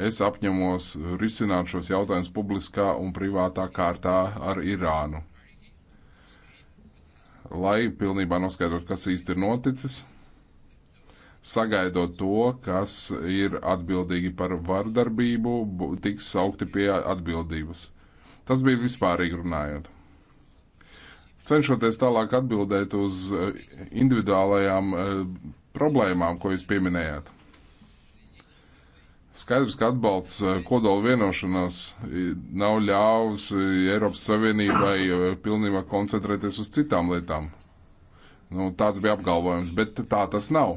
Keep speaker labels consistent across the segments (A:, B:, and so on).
A: Es apņemos risināt šos jautājumus publiskā un privātā kārtā ar Irānu. Lai pilnībā noskaidrot, kas īsti ir noticis, sagaidot to, kas ir atbildīgi par vardarbību, tiks saukti pie atbildības. Tas bija vispārīgi runājot cenšoties tālāk atbildēt uz individuālajām eh, problēmām, ko jūs pieminējāt. Skaidrs, ka atbalsts eh, kodola vienošanās nav ļāvis Eiropas Savienībai eh, pilnībā koncentrēties uz citām lietām. Nu, tāds bija apgalvojums, bet tā tas nav.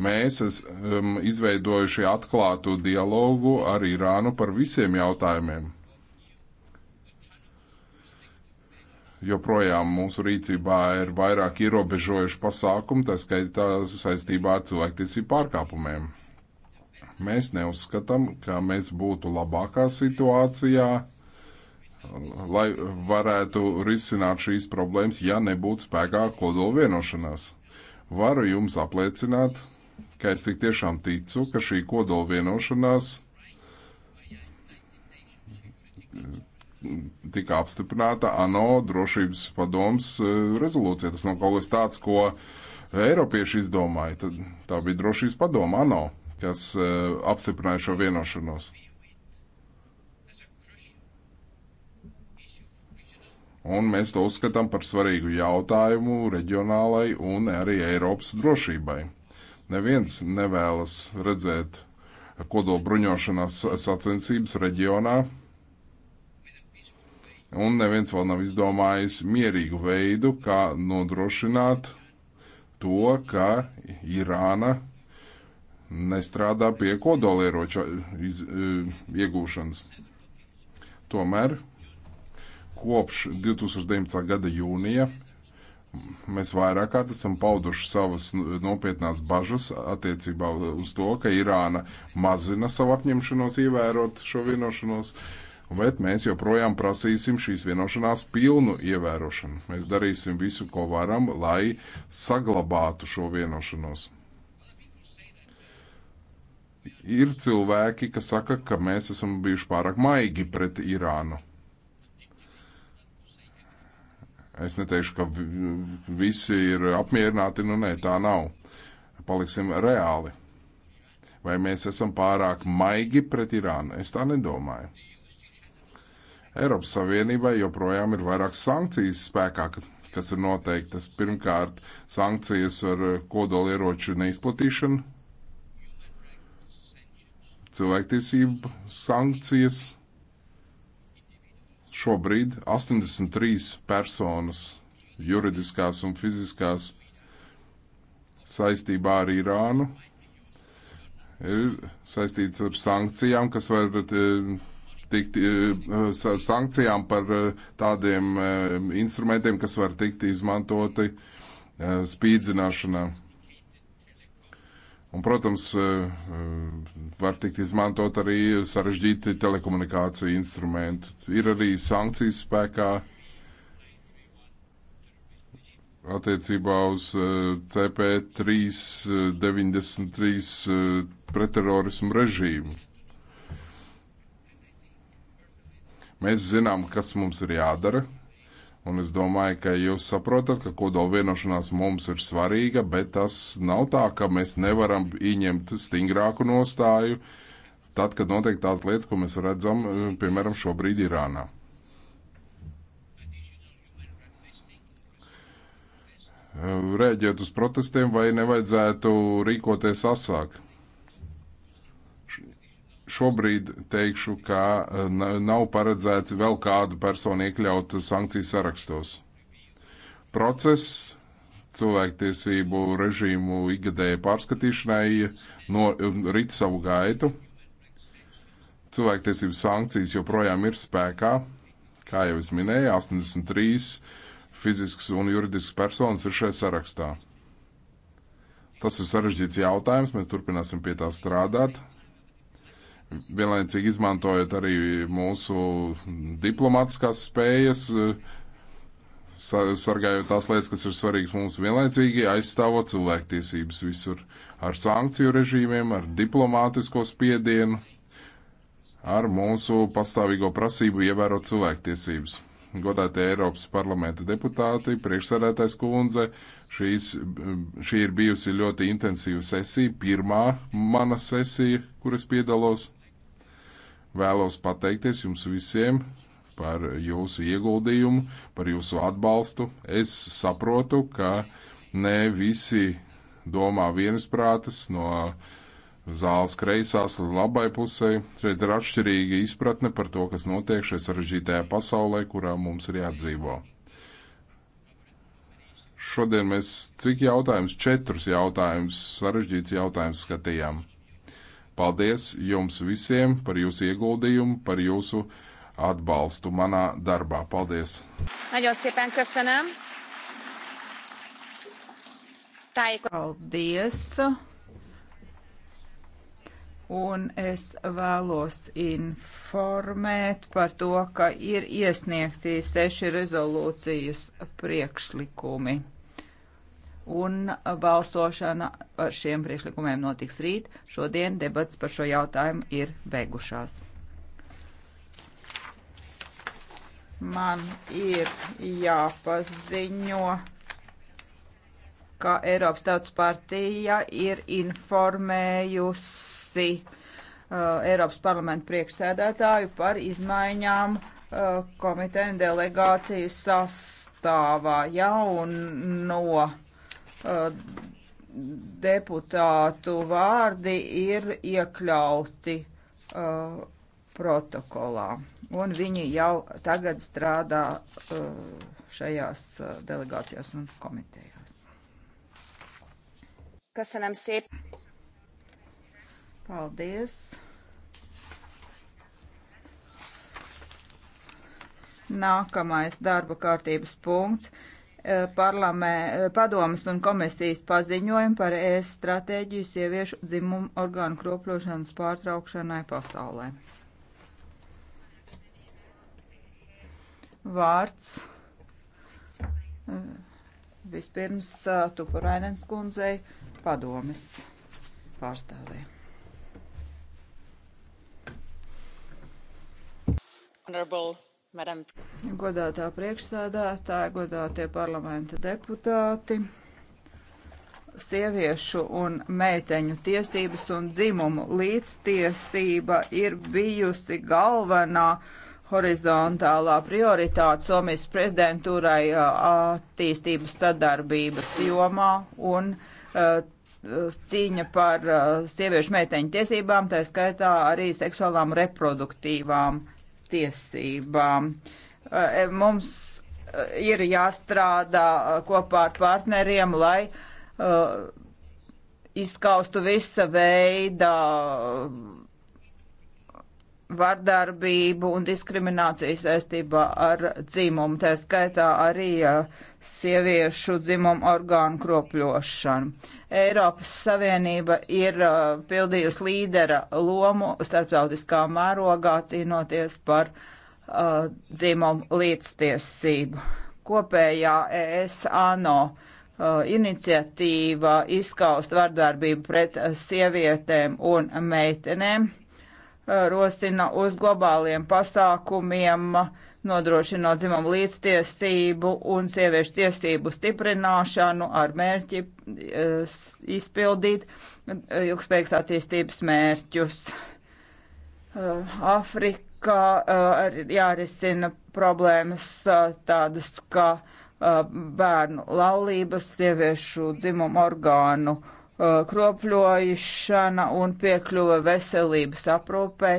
A: Mēs esam izveidojuši atklātu dialogu ar Irānu par visiem jautājumiem. Joprojām mūsu rīcībā ir vairāk ierobežojuši pasākumi, tā skaitā saistībā ar cilvēktiesību pārkāpumiem Mēs neuzskatām, ka mēs būtu labākā situācijā, lai varētu risināt šīs problēmas, ja nebūtu spēkā kodola vienošanās. Varu jums apliecināt, ka es tik tiešām ticu, ka šī kodola vienošanās tika apstiprināta ANO drošības padoms e, rezolūcija. Tas nav kaut kas tāds, ko Eiropieši izdomāja. Tad tā bija drošības padoma ANO kas eh, apstiprināja šo vienošanos. Un mēs to uzskatām par svarīgu jautājumu reģionālai un arī Eiropas drošībai. Neviens nevēlas redzēt kodola bruņošanās sacensības reģionā, un neviens vēl nav izdomājis mierīgu veidu, kā nodrošināt to, ka Irāna nestrādā pie kodolieroča iz, e, iegūšanas. Tomēr kopš 2019. gada jūnija mēs vairāk kārt esam pauduši savas nopietnās bažas attiecībā uz to, ka Irāna mazina savu apņemšanos ievērot šo vienošanos, bet mēs joprojām prasīsim šīs vienošanās pilnu ievērošanu. Mēs darīsim visu, ko varam, lai saglabātu šo vienošanos. Ir cilvēki, kas saka, ka mēs esam bijuši pārāk maigi pret Irānu. Es neteikšu, ka visi ir apmierināti, nu nē, tā nav. Paliksim reāli. Vai mēs esam pārāk maigi pret Irānu? Es tā nedomāju. Eiropas Savienībai joprojām ir vairāk sankcijas spēkā, kas ir noteiktas. Pirmkārt, sankcijas ar kodolieroču neizplatīšanu, cilvēktiesību sankcijas. Šobrīd 83 personas, juridiskās un fiziskās, saistībā ar Irānu ir saistīts ar sankcijām, kas var eh, tikt, eh, sankcijām par eh, tādiem instrumentiem, kas var tikt izmantoti spīdzināšanā. Un, protams, e, e, var tikt izmantot arī sarežģīti telekomunikāciju instrumenti. Ir arī sankcijas spēkā attiecībā uz e, CP393 pretterorismu režīmu. Mēs zinām, kas mums ir jādara, Un es domāju, ka jūs saprotat, ka kodola vienošanās mums ir svarīga, bet tas nav tā, ka mēs nevaram ieņemt stingrāku nostāju tad, kad notiek tās lietas, ko mēs redzam, eh, piemēram, šobrīd Irānā. Eh, Rēģēt uz protestiem vai nevajadzētu rīkoties asāk? šobrīd teikšu, ka eh, nav paredzēts vēl kādu personu iekļaut sankciju sarakstos. Process cilvēktiesību režīmu ikgadēja pārskatīšanai no um, rīt savu gaitu. Cilvēktiesību sankcijas joprojām ir spēkā. Kā jau es minēju, 83 fizisks un juridisks personas ir šajā sarakstā. Tas ir sarežģīts jautājums, mēs turpināsim pie tā strādāt vienlaicīgi izmantojot arī mūsu diplomātiskās spējas, sargājot tās lietas, kas ir svarīgas mums vienlaicīgi, aizstāvot cilvēktiesības visur ar sankciju režīmiem, ar diplomātisko spiedienu, ar mūsu pastāvīgo prasību ievērot cilvēktiesības. Godātie Eiropas parlamenta deputāti, priekšsēdētājs kundze, šīs, šī ir bijusi ļoti intensīva sesija, pirmā mana sesija, kuras piedalos. Vēlos pateikties jums visiem par jūsu ieguldījumu, par jūsu atbalstu. Es saprotu, ka ne visi domā vienisprātas no zāles kreisās labai pusē. Šeit ir atšķirīga izpratne par to, kas notiek šajā sarežģītajā pasaulē, kurā mums ir jādzīvo. Šodien mēs cik jautājumus, četrus jautājumus, sarežģīts jautājums skatījām. Paldies jums visiem par jūsu ieguldījumu, par jūsu atbalstu manā darbā. Paldies!
B: Nagyon szépen köszönöm! Paldies! Un es vēlos informēt par to, ka ir iesniegti seši rezolūcijas priekšlikumi un balsošana par šiem priekšlikumiem notiks rīt. Šodien debats par šo jautājumu ir beigušās. Man ir jāpaziņo, ka Eiropas Tautas partija ir informējusi uh, Eiropas parlamentu priekšsēdētāju par izmaiņām uh, komiteju un delegāciju sastāvā jauno. Ja, Uh, deputātu vārdi ir iekļauti uh, protokolā, un viņi jau tagad strādā uh, šajās uh, delegācijās un komitejās. Köszönöm szépen! Paldies! Nākamais darba kārtības punkts. Eh, parlamē, eh, padomas un komisijas paziņojumu par ES stratēģiju sieviešu dzimumu orgānu kropļošanas pārtraukšanai pasaulē. Vārds eh, vispirms Tupurainens kundzei padomas pārstāvē. Honorable Madam. Godātā priekšsēdētāja, godātie parlamenta deputāti, sieviešu un meiteņu tiesības un dzimumu līdztiesība ir bijusi galvenā horizontālā prioritāte Somijas prezidentūrai uh, attīstības sadarbības jomā un uh, cīņa par uh, sieviešu meiteņu tiesībām, tā skaitā arī seksuālām reproduktīvām tiesībām. Eh, mums eh, ir jāstrādā eh, kopā ar partneriem, lai izskaustu visa veida vardarbību un diskrimināciju saistībā ar dzimumu, tā skaitā arī sieviešu dzimumu orgānu kropļošanu. Eiropas Savienība ir pildījusi līdera lomu starptautiskā mērogā cīnoties par uh, dzimumu līdztiesību. Kopējā ES ANO iniciatīva izskaust vardarbību pret sievietēm un meitenēm rosina uz globāliem pasākumiem, nodrošinot dzimumu līdztiesību un sieviešu tiesību stiprināšanu ar mērķi e, izpildīt ilgspējīgas attīstības mērķus. E, Afrikā e, arī jārisina problēmas tādas kā bērnu laulības, sieviešu dzimumu orgānu Uh, kropļošana un piekļuva veselības aprūpei,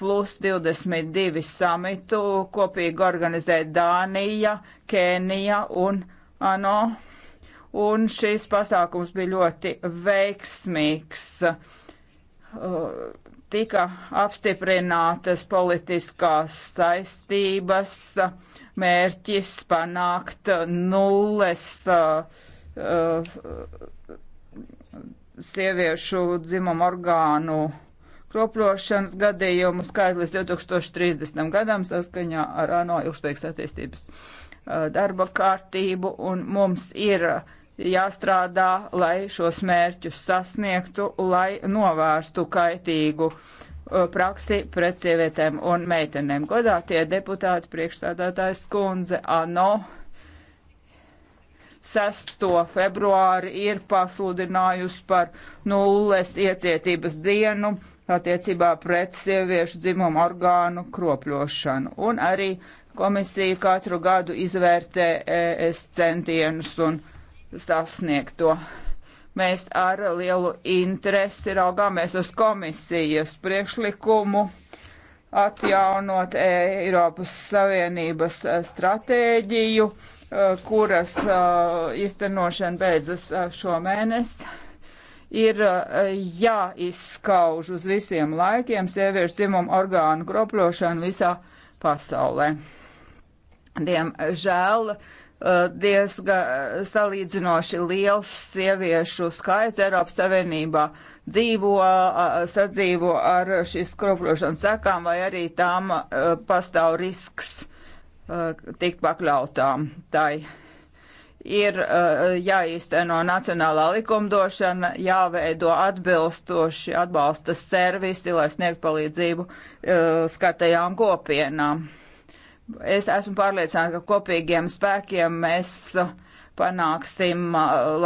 B: plus 22 samitu kopīgi organizē Dānija, Kēnija un ANO. Un šis pasākums bija ļoti veiksmīgs. Uh, tika apstiprinātas politiskās saistības, mērķis panākt nulles uh, uh, sieviešu dzimumu orgānu kropļošanas gadījumu skaitlis 2030. gadam saskaņā ar ANO ilgspējīgas attīstības darba kārtību, un mums ir jāstrādā, lai šos mērķus sasniegtu, lai novērstu kaitīgu praksi pret sievietēm un meitenēm. Godātie deputāti, priekšsādātājs kundze, ANO 6. februāri ir pasludinājusi par nulles iecietības dienu attiecībā pret sieviešu dzimumu orgānu kropļošanu. Un arī komisija katru gadu izvērtē es centienus un sasniegto. Mēs ar lielu interesi raugāmies uz komisijas priekšlikumu atjaunot Eiropas Savienības stratēģiju Eh, kuras eh, īstenošana beidzas eh, šo mēnesi, ir jāizskauž uz visiem laikiem sieviešu dzimumu orgānu kropļošanu visā pasaulē. Diemžēl diezgan salīdzinoši liels sieviešu skaits Eiropas Savienībā dzīvo, sadzīvo ar šīs kropļošanas sekām, vai arī tām pastāv risks Eh, tikt pakļautām. Tai ir eh, jāīsteno nacionālā likumdošana, jāveido atbilstoši atbalsta servisi, lai sniegtu palīdzību eh, skartajām kopienām. Es esmu pārliecināta, ka kopīgiem spēkiem mēs panāksim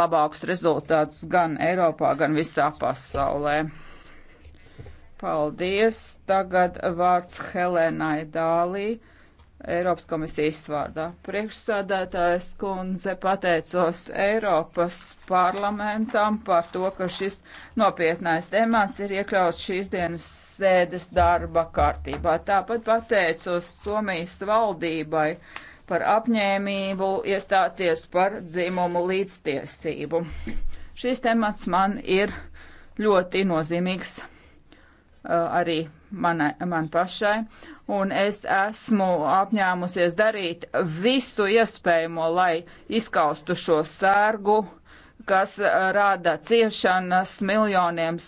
B: labākus rezultātus gan Eiropā, gan visā pasaulē. Paldies! Tagad vārds Helenai Dālī Eiropas komisijas vārdā. Priekšsādātājs kundze pateicos Eiropas parlamentam par to, ka šis nopietnais temats ir iekļauts šīs dienas sēdes darba kārtībā. Tāpat pateicos Somijas valdībai par apņēmību iestāties par dzimumu līdztiesību. Šis temats man ir ļoti nozīmīgs Uh, arī manai, man pašai. Un es esmu apņēmusies darīt visu iespējamo, lai izkaustu šo sērgu, kas uh, rada ciešanas miljoniem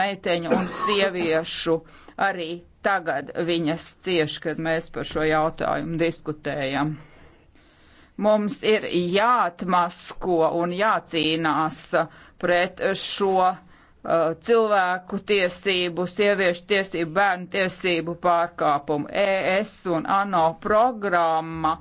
B: meiteņu un sieviešu arī tagad viņas cieš, kad mēs par šo jautājumu diskutējam. Mums ir jāatmasko un jācīnās pret šo Uh, cilvēku tiesību, sieviešu tiesību, bērnu tiesību pārkāpumu. ES un ANO programma,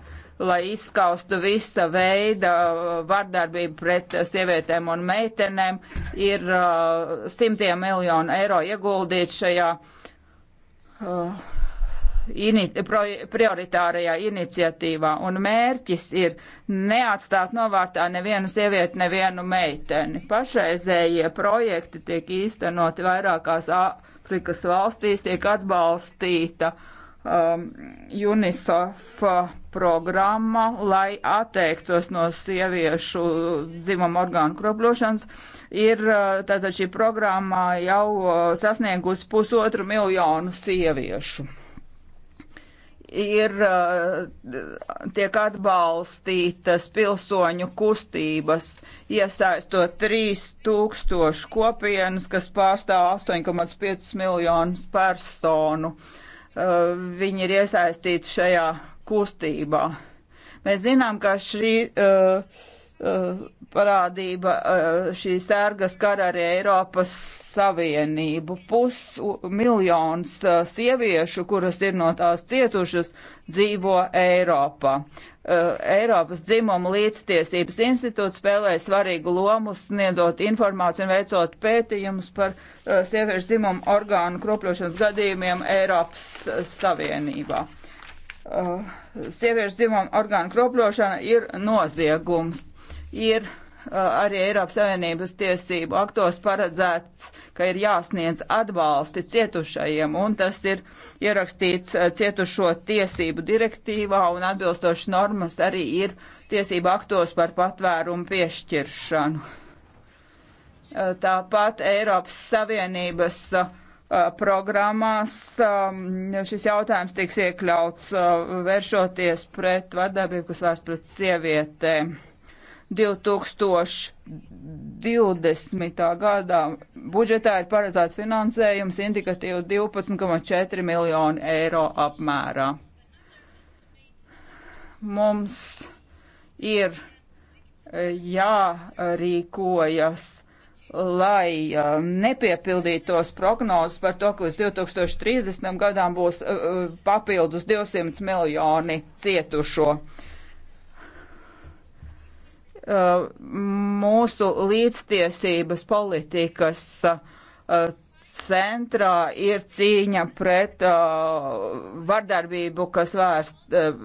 B: lai izskaustu visa veida uh, vardarbību pret sievietēm un meitenēm, ir uh, simtiem miljonu eiro ieguldīt šajā. Uh, ini, prioritārajā iniciatīvā, un mērķis ir neatstāt novārtā nevienu sievieti, nevienu meiteni. Pašreizējie projekti tiek īstenoti vairākās Āfrikas valstīs, tiek atbalstīta um, UNICEF programma, lai atteiktos no sieviešu dzimumu orgānu kropļošanas. Ir uh, tātad šī programma jau uh, sasniegusi pusotru miljonu sieviešu ir, uh, tiek atbalstītas pilsoņu kustības, iesaistot 3000 kopienas, kas pārstāv 8,5 miljonus personu. Uh, viņi ir iesaistīti šajā kustībā. Mēs zinām, ka šī uh, Eh, parādība eh, šī sērgas kara arī Eiropas Savienību. Pusmiljons eh, sieviešu, kuras ir no tās cietušas, dzīvo Eiropā. Eiropas dzimuma līdztiesības institūts spēlē svarīgu lomu, sniedzot informāciju un veicot pētījumus par sieviešu dzimumu orgānu kropļošanas gadījumiem Eiropas Savienībā. Sieviešu dzimumu orgānu kropļošana ir noziegums ir uh, arī Eiropas Savienības tiesību aktos paredzēts, ka ir jāsniedz atbalsti cietušajiem, un tas ir ierakstīts uh, cietušo tiesību direktīvā, un atbilstošas normas arī ir tiesību aktos par patvērumu piešķiršanu. Uh, tāpat Eiropas Savienības programmās um, šis jautājums tiks iekļauts vēršoties pret vardarbību, kas vērsts pret sievietēm. 2020. gadā budžetā ir paredzēts finansējums indikatīvi 12,4 miljonu eiro apmērā. Mums ir e, jārīkojas, lai e, nepiepildītos prognozes par to, ka līdz 2030. gadām būs e, papildus 200 miljoni cietušo mūsu līdztiesības politikas uh, centrā ir cīņa pret uh, vardarbību, kas vērst uh,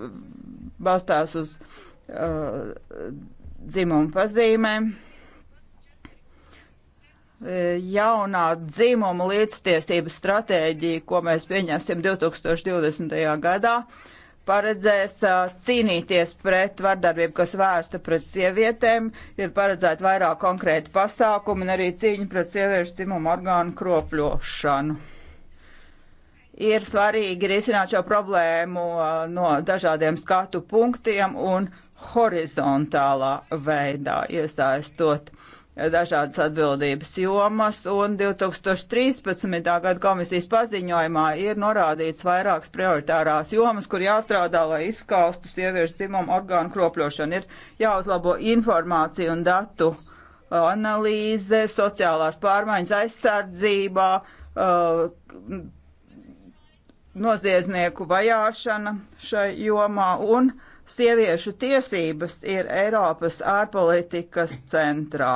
B: balstās uz dzimumu pazīmēm jaunā dzimuma līdztiesības stratēģija, ko mēs pieņemsim 2020. gadā, paredzēs cīnīties pret vardarbību, kas vērsta pret sievietēm, ir paredzēta vairāk konkrēti pasākumi un arī cīņa pret sieviešu dzimumu orgānu kropļošanu. Ir svarīgi risināt šo problēmu no dažādiem skatu punktiem un horizontālā veidā iesaistot dažādas atbildības jomas, un 2013. gada komisijas paziņojumā ir norādīts vairākas prioritārās jomas, kur jāstrādā, lai izskaustu sieviešu dzimumu orgānu kropļošanu. Ir jāuzlabo informācija un datu analīze, sociālās pārmaiņas aizsardzībā, uh, noziedznieku vajāšana šai jomā un uh, Sieviešu tiesības ir Eiropas ārpolitikas centrā,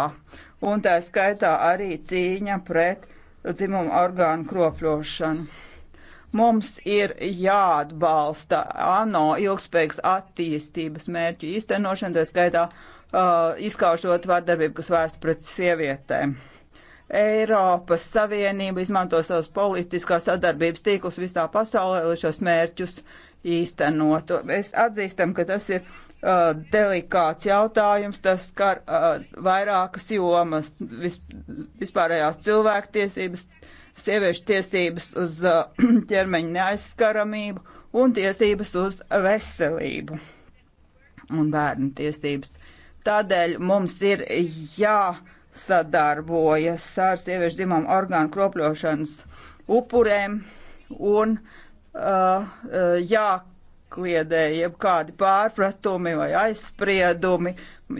B: un tā skaitā arī cīņa pret dzimumu orgānu kropļošanu. Mums ir jāatbalsta ANO ilgspējīgas attīstības mērķu īstenošana, tā skaitā uh, izkaušot vardarbību, kas vērsta pret sievietēm. Eiropas Savienība izmanto savus politiskās sadarbības tīklus visā pasaulē, lai šos mērķus īstenotu. Mēs atzīstam, ka tas ir uh, delikāts jautājums, tas skar uh, vairākas jomas, vis, vispārējās cilvēktiesības, sieviešu tiesības uz uh, ķermeņa neaizskaramību un tiesības uz veselību un bērnu tiesības. Tādēļ mums ir jāsadarbojas ar sieviešu dzimumu orgānu kropļošanas upurēm un uh, Uh, jākliedē jebkādi pārpratumi vai aizspriedumi,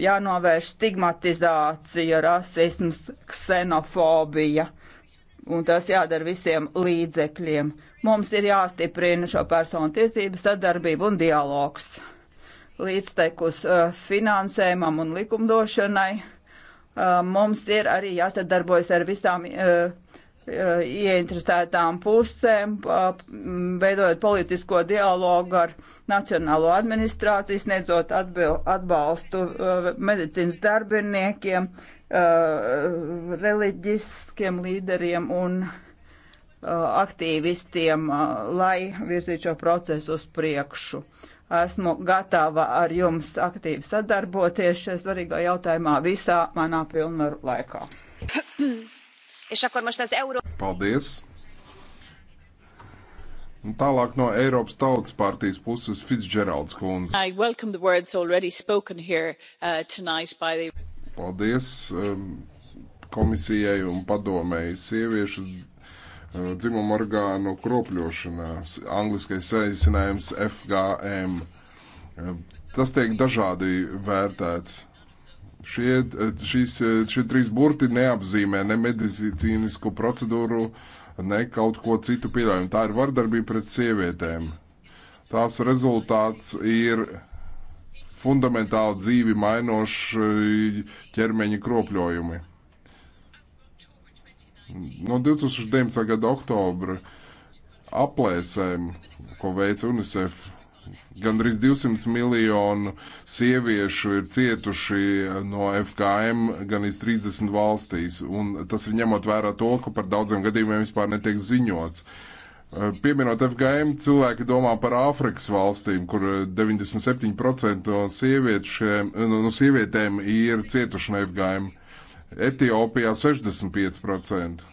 B: jānovērš stigmatizācija, rasisms, ksenofobija. Un tas jādara visiem līdzekļiem. Mums ir jāstiprina šo personu tiesību sadarbību un dialogs. Līdztekus uh, finansējumam un likumdošanai uh, mums ir arī jāsadarbojas ar visām uh, ieinteresētām pusēm, veidojot politisko dialogu ar Nacionālo administrāciju, sniedzot atbalstu uh, medicīnas darbiniekiem, uh, reliģiskiem līderiem un uh, aktīvistiem, lai virzītu šo procesu uz priekšu. Esmu gatava ar jums aktīvi sadarboties šajā svarīgā jautājumā visā manā pilnvaru laikā. És akkor most az Euró...
A: Paldies! Un nu, tālāk no Eiropas Tautas partijas puses Fitzgeralds kundze.
B: I welcome the words already spoken here uh, tonight by the...
A: Paldies um, komisijai un padomēji sieviešu uh, dzimumu orgānu kropļošanā, angliskais saīsinājums FGM. Uh, tas tiek dažādi vērtēts Šie, šīs, šie trīs burti neapzīmē ne medicīnisko procedūru, ne kaut ko citu pieļaujumu. Tā ir vardarbība pret sievietēm. Tās rezultāts ir fundamentāli dzīvi mainoši ķermeņa kropļojumi. No 2019. gada oktobra aplēsēm, ko veica UNICEF, Gandrīz 200 miljonu sieviešu ir cietuši no FKM gan iz 30 valstīs, un tas ir ņemot vērā to, ka par daudziem gadījumiem vispār netiek ziņots. Eh, pieminot FGM, cilvēki domā par Āfrikas valstīm, kur 97% no, sievietšiem, no sievietēm ir cietuši no FGM. Etiopijā 65%.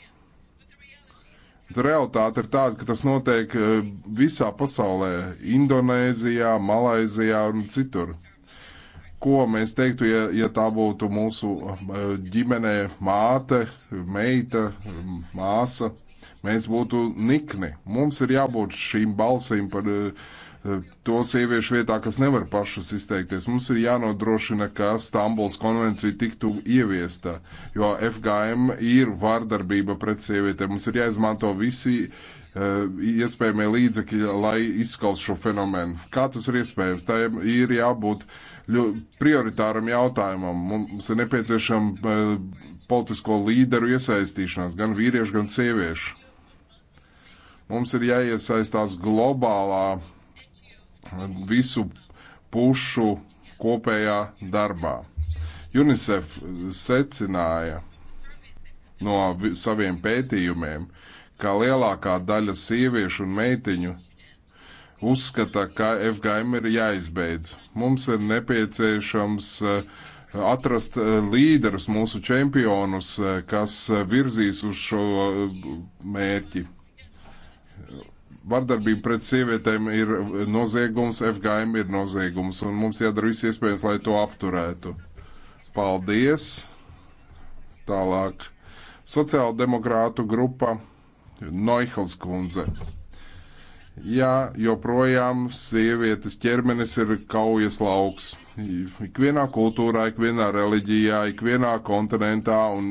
A: Realtāte ir tāda, ka tas notiek eh, visā pasaulē - Indonēzijā, Malaizijā un citur. Ko mēs teiktu, ja, ja tā būtu mūsu eh, ģimenē māte, meita, māsa? Mēs būtu nikni. Mums ir jābūt šīm balsīm par uh, Eh, to sieviešu vietā, kas nevar pašas izteikties. Mums ir jānodrošina, ka Stambuls konvencija tiktu ieviesta, jo FGM ir vardarbība pret sievietēm. Mums ir jāizmanto visi uh, iespējamie līdzekļi, lai izskaust šo fenomenu. Kā tas ir iespējams? Tā ir jābūt prioritāram jautājumam. Mums ir nepieciešama uh, politisko līderu iesaistīšanās, gan vīriešu, gan sieviešu. Mums ir jāiesaistās globālā visu pušu kopējā darbā. UNICEF secināja no saviem pētījumiem, ka lielākā daļa sieviešu un meitiņu uzskata, ka FGM ir jāizbeidz. Mums ir nepieciešams eh, atrast eh, līderus, mūsu čempionus, eh, kas virzīs uz šo mērķi. Vardarbība pret sievietēm ir noziegums, FGM ir noziegums, un mums jādara viss iespējams, lai to apturētu. Paldies! Tālāk. Sociāldemokrātu grupa Noihals kundze ja joprojām sievietes ķermenis ir kaujas lauks. Ikvienā kultūrā, ikvienā reliģijā, ikvienā kontinentā un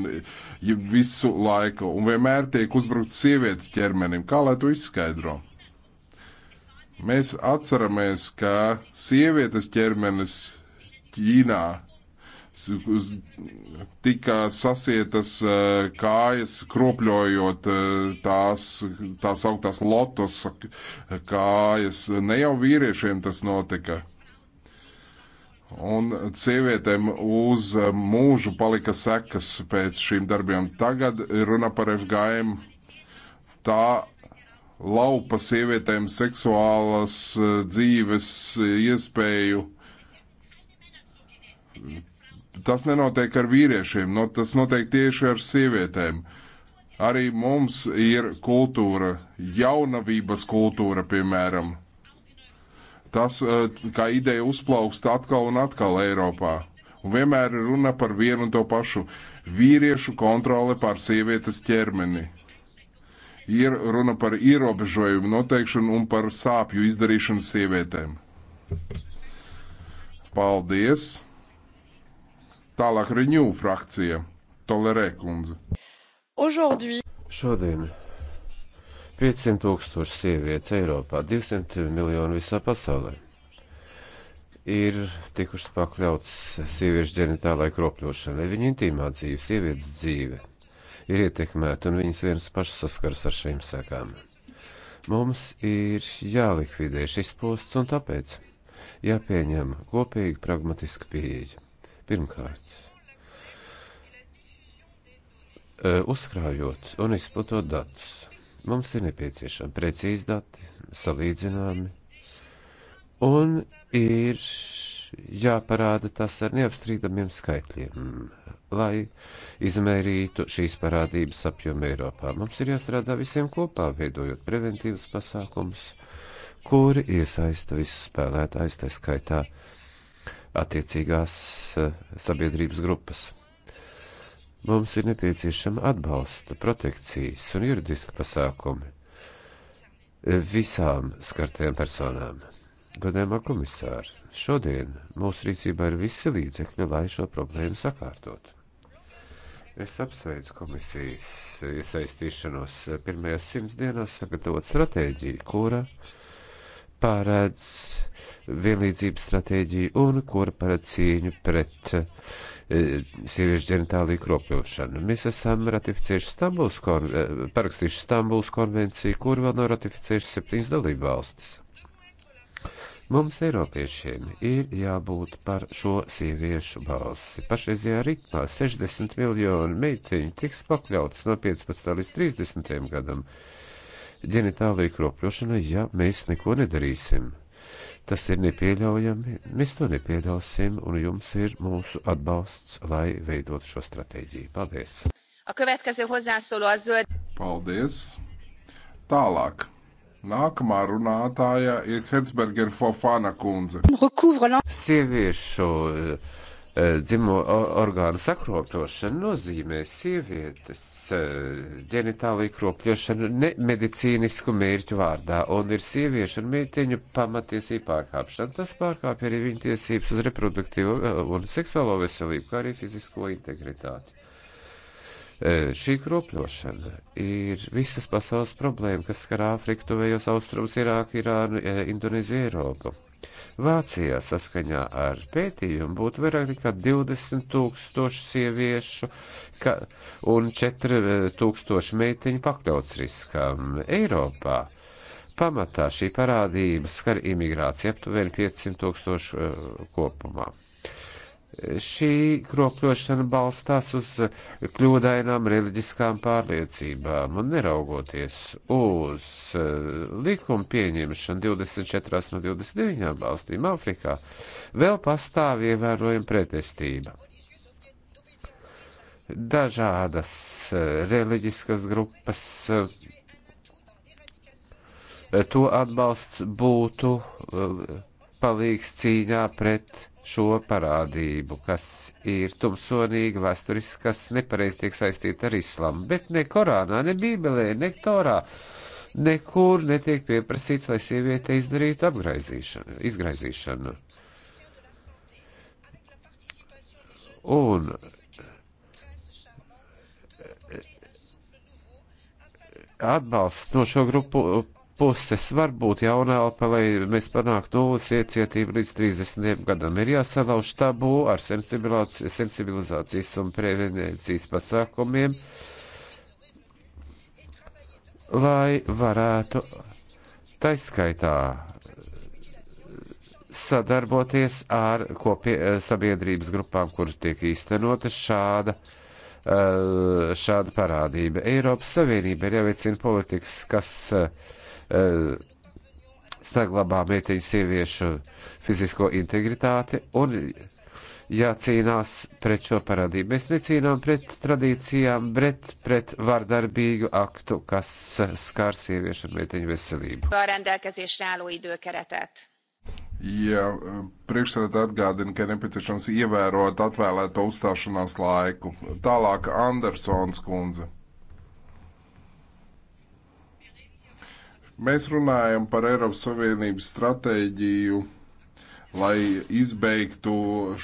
A: visu laiku. Un vienmēr tiek uzbrukts sievietes ķermenim. Kā lai to izskaidro? Mēs atceramies, ka sievietes ķermenis Ķīnā tika sasietas eh, kājas, kropļojot eh, tās, tās augtās lotos kājas. Ne jau vīriešiem tas notika. Un sievietēm uz mūžu palika sekas pēc šīm darbiem. Tagad runa par FGM. Tā laupa sievietēm seksuālas eh, dzīves iespēju Tas nenotiek ar vīriešiem, no, tas notiek tieši ar sievietēm. Arī mums ir kultūra, jaunavības kultūra, piemēram. Tas eh, kā ideja uzplaukst atkal un atkal Eiropā. Un vienmēr ir runa par vienu un to pašu - vīriešu kontroli pār sievietes ķermeni. Ir runa par ierobežojumu noteikšanu un par sāpju izdarīšanu sievietēm. Paldies! Tālāk Renew frakcija, Tolerē kundze. Aujourd'hui. Šodien 500 tūkstoši
C: sievietes Eiropā, 200 miljoni visā pasaulē ir tikušas pakļautas sieviešu ģenitālai kropļošanai. Viņa intīmā dzīve, sievietes dzīve ir ietekmēta un viņas vienas pašas saskaras ar šīm sekām. Mums ir jālikvidē šis posts un tāpēc jāpieņem kopīga pragmatiska pieeja. Pirmkārt, e, uzkrājot un izplatot datus, mums ir nepieciešami precīzi dati, salīdzināmi, un ir jāparāda tas ar neapstrīdamiem skaitļiem, lai izmērītu šīs parādības apjomu Eiropā. Mums ir jāstrādā visiem kopā, veidojot preventīvas pasākumus, kuri iesaista visus spēlētājus, tā skaitā attiecīgās eh, sabiedrības grupas. Mums ir nepieciešama atbalsta, protekcijas un juridiska pasākumi eh, visām skartajām personām. Godējumā komisāri, šodien mūsu rīcībā ir visi līdzekļi, lai šo problēmu sakārtotu. Es apsveicu komisijas iesaistīšanos eh, pirmajās simts dienās sagatavot stratēģiju, kura uh, paredz vienlīdzības stratēģiju un kura paredz cīņu pret e, sieviešu ģenitāliju kropļošanu. Mēs esam ratificējuši Stambuls, konve, parakstījuši Stambuls konvenciju, kur vēl nav ratificējuši septiņas dalību valstis. Mums, Eiropiešiem, ir jābūt par šo sieviešu balsi. Pašreizajā ritmā 60 miljonu meiteņu tiks pakļauts no 15 līdz 30 gadam. Uh, ģenitālajai kropļošanai, ja mēs neko nedarīsim. Tas ir nepieļaujami, mēs to nepieļausim, un jums ir mūsu atbalsts, lai veidot šo stratēģiju. Paldies!
B: A következő hozzászóló a zöld.
A: Paldies! Tālāk. Nākamā runātāja ir Hetzberger Fofana kundze.
C: Sieviešu uh, Eh, dzimo orgānu sakropļošana nozīmē sievietes eh, ģenitāliju kropļošanu nemedicīnisku mērķu vārdā, un ir sieviešu un meiteņu pamatiesība pārkāpšana. Tas pārkāpja arī viņu tiesības uz reproduktīvo eh, un seksuālo veselību, kā arī fizisko integritāti. Šī kropļošana ir visas pasaules problēma, kas skar Āfriku, tuvējos austrums, Irāku, Irānu, Indonēziju, Eiropu Vācijā saskaņā ar pētījumu būtu vairāk nekā 20 tūkstoši sieviešu ka, un 4 eh, tūkstoši meiteņu pakļauts riskam Eiropā. Pamatā šī parādība skar imigrāciju aptuveni 500 tūkstošu eh, kopumā. Šī kropļošana balstās uz kļūdainām reliģiskām pārliecībām un neraugoties uz eh, likuma pieņemšanu 24 no 29 valstīm Āfrikā, vēl pastāv ievērojama pretestība dažādas eh, reliģiskas grupas. Eh, to atbalsts būtu palīgs cīņā pret šo parādību, kas ir tumsonīga, vēsturiski, kas nepareizi tiek saistīta ar islamu, bet ne Korānā, ne Bībelē, ne Torā. Nekur netiek pieprasīts, lai sieviete izdarītu apgraizīšanu, izgraizīšanu. Un eh, atbalsts no šo grupu puses var būt jaunelpa, lai mēs panāktu nulles iecietību līdz 30 gadam. Ir jāsalauž tabū ar sensibilizācijas un prevenēcijas pasākumiem, lai varētu taiskaitā sadarboties ar kopie, sabiedrības grupām, kuras tiek īstenota šāda eh, šāda parādība. Eiropas Savienība ir jāveicina politikas, kas uh, Eh, saglabā meiteņu sieviešu fizisko integritāti un jācīnās pret šo parādību. Mēs necīnām pret tradīcijām, bet pret vardarbīgu aktu, kas skār sieviešu un meiteņu veselību.
A: Ja eh, priekšsēdētāji atgādina, ka ir nepieciešams ievērot atvēlēto uzstāšanās laiku. Tālāk Andersons kundze. Mēs runājam par Eiropas Savienības stratēģiju, lai izbeigtu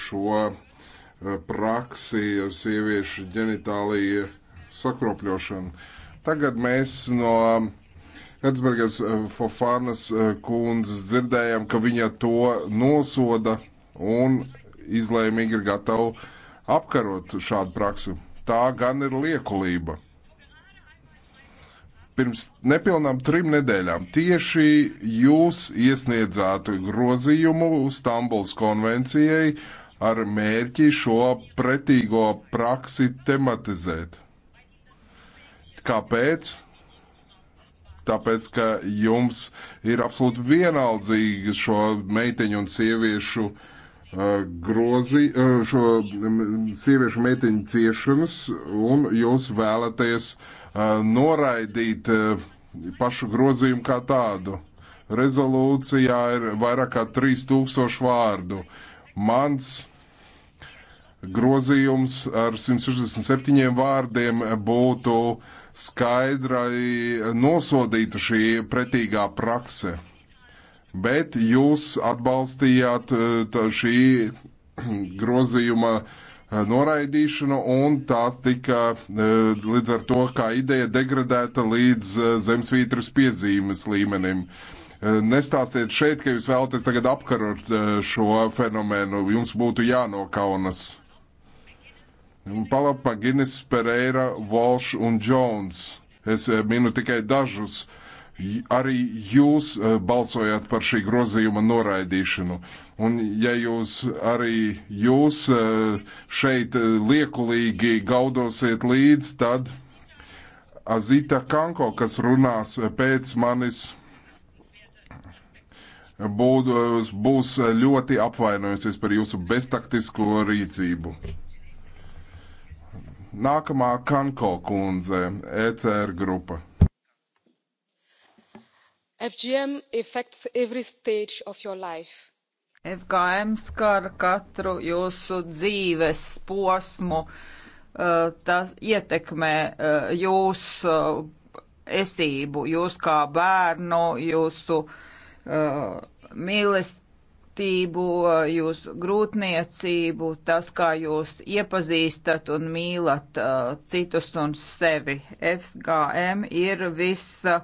A: šo eh, praksi ar sieviešu ģenitāliju sakropļošanu. Tagad mēs no Edsbergas eh, Fofānas eh, kundzes dzirdējam, ka viņa to nosoda un izlēmīgi ir gatava apkarot šādu praksi. Tā gan ir liekulība pirms nepilnām trim nedēļām tieši jūs iesniedzāt grozījumu Stambuls konvencijai ar mērķi šo pretīgo praksi tematizēt. Kāpēc? Tāpēc, ka jums ir absolūti vienaldzīgi šo meiteņu un sieviešu uh, grozi, uh, šo mm, sieviešu meiteņu ciešanas, un jūs vēlaties uh, noraidīt pašu grozījumu kā tādu. Rezolūcijā ir vairāk kā 3000 vārdu. Mans grozījums ar 167 vārdiem būtu skaidrai nosodīta šī pretīgā prakse. Bet jūs atbalstījāt šī grozījuma uh, Eh, noraidīšanu, un tās tika eh, līdz ar to kā ideja degradēta līdz eh, zemesvītras piezīmes līmenim. Nestāstiet šeit, ka jūs vēlaties tagad apkarot šo fenomenu, jums būtu jānokaunas. Palapa Ginis, Pereira, Walsh un Jones. Es minu tikai dažus. Arī jūs balsojāt par šī grozījuma noraidīšanu. Uh, Un ja jūs arī jūs eh, šeit eh, liekulīgi gaudosiet līdz, tad Azita Kanko, kas runās pēc manis, būs, būs ļoti apvainojusies par jūsu beztaktisko rīcību. Nākamā Kanko kundze, ECR grupa.
B: FGM affects every stage of your life FKM skar katru jūsu dzīves posmu, eh, tas ietekmē eh, jūs eh, esību, jūs kā bērnu, jūsu mīlestību, jūsu grūtniecību, tas, kā jūs iepazīstat un mīlat citus un sevi. FKM ir visa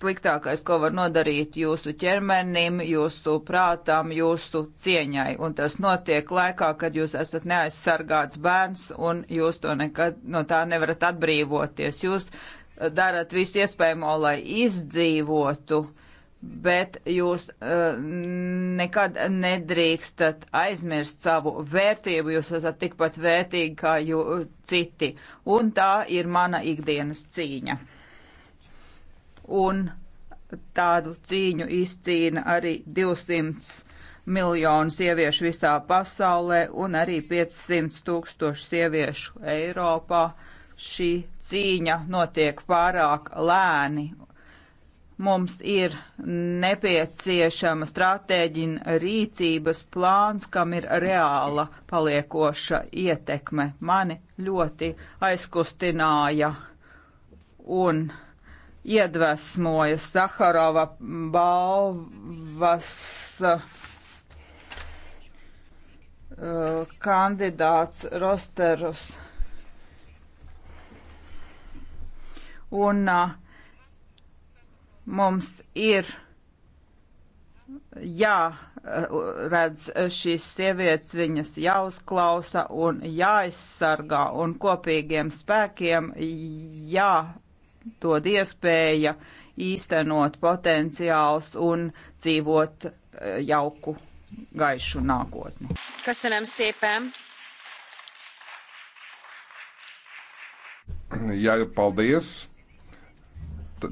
B: sliktākais, ko var nodarīt jūsu ķermenim, jūsu prātām, jūsu cieņai. Un tas notiek laikā, kad jūs esat neaizsargāts bērns un jūs to nekad no tā nevarat atbrīvoties. Jūs eh, darat visu iespējamo, lai izdzīvotu, bet jūs uh, nekad nedrīkstat aizmirst savu vērtību, jūs esat tikpat vērtīgi kā jū, citi. Un tā ir mana ikdienas cīņa un tādu cīņu izcīna arī 200 miljonu sieviešu visā pasaulē un arī 500 tūkstošu sieviešu Eiropā. Šī cīņa notiek pārāk lēni. Mums ir nepieciešama stratēģina rīcības plāns, kam ir reāla paliekoša ietekme. Mani ļoti aizkustināja un iedvesmoja Saharova balvas uh, kandidāts Rosterus. Un uh, mums ir jāredz uh, šīs sievietes, viņas jāuzklausa un jāizsargā un kopīgiem spēkiem jā dod iespēja īstenot potenciāls un dzīvot eh, jauku, gaišu nākotni. Köszönöm szépen!
A: Jā, ja, paldies!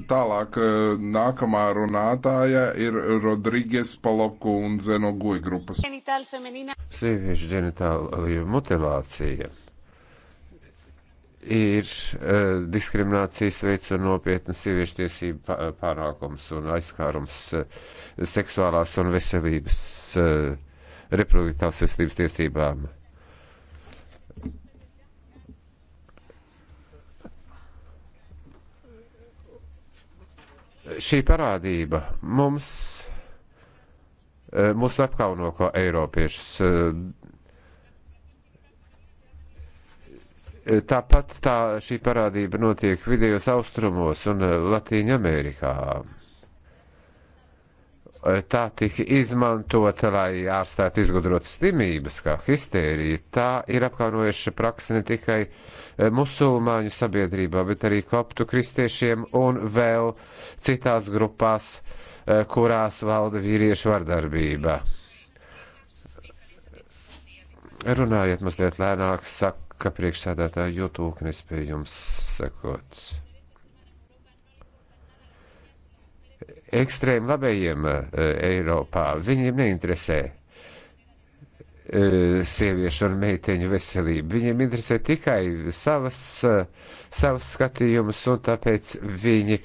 A: Tālāk eh, nākamā runātāja ir Rodrīgas Palopkundze no Guja grupas. Sieviešu ģenitālija mutilācija
C: ir uh, diskriminācijas veids un nopietnas sieviešu tiesību pārākums un aizskārums uh, seksuālās un veselības, uh, reproduktīvās veselības tiesībām. Šī parādība mums, uh, mūs apkauno kā Eiropiešus. Uh, Tāpat tā šī parādība notiek vidējos austrumos un eh, Latīņa Amerikā. Eh, tā tika izmantota, lai ārstētu izgudrotas slimības, kā histērija. Tā ir apkaunojoša praksa ne tikai eh, musulmaņu sabiedrībā, bet arī koptu kristiešiem un vēl citās grupās, kurās valda vīriešu vardarbība. Runājiet mazliet lēnāk, saka saka priekšsēdētāja, jo tūk nespēja jums sakot. Ekstrēm labējiem eh, Eiropā viņiem neinteresē eh, sieviešu un meiteņu veselību. Viņiem interesē tikai savas, eh, savas skatījumus, un tāpēc viņi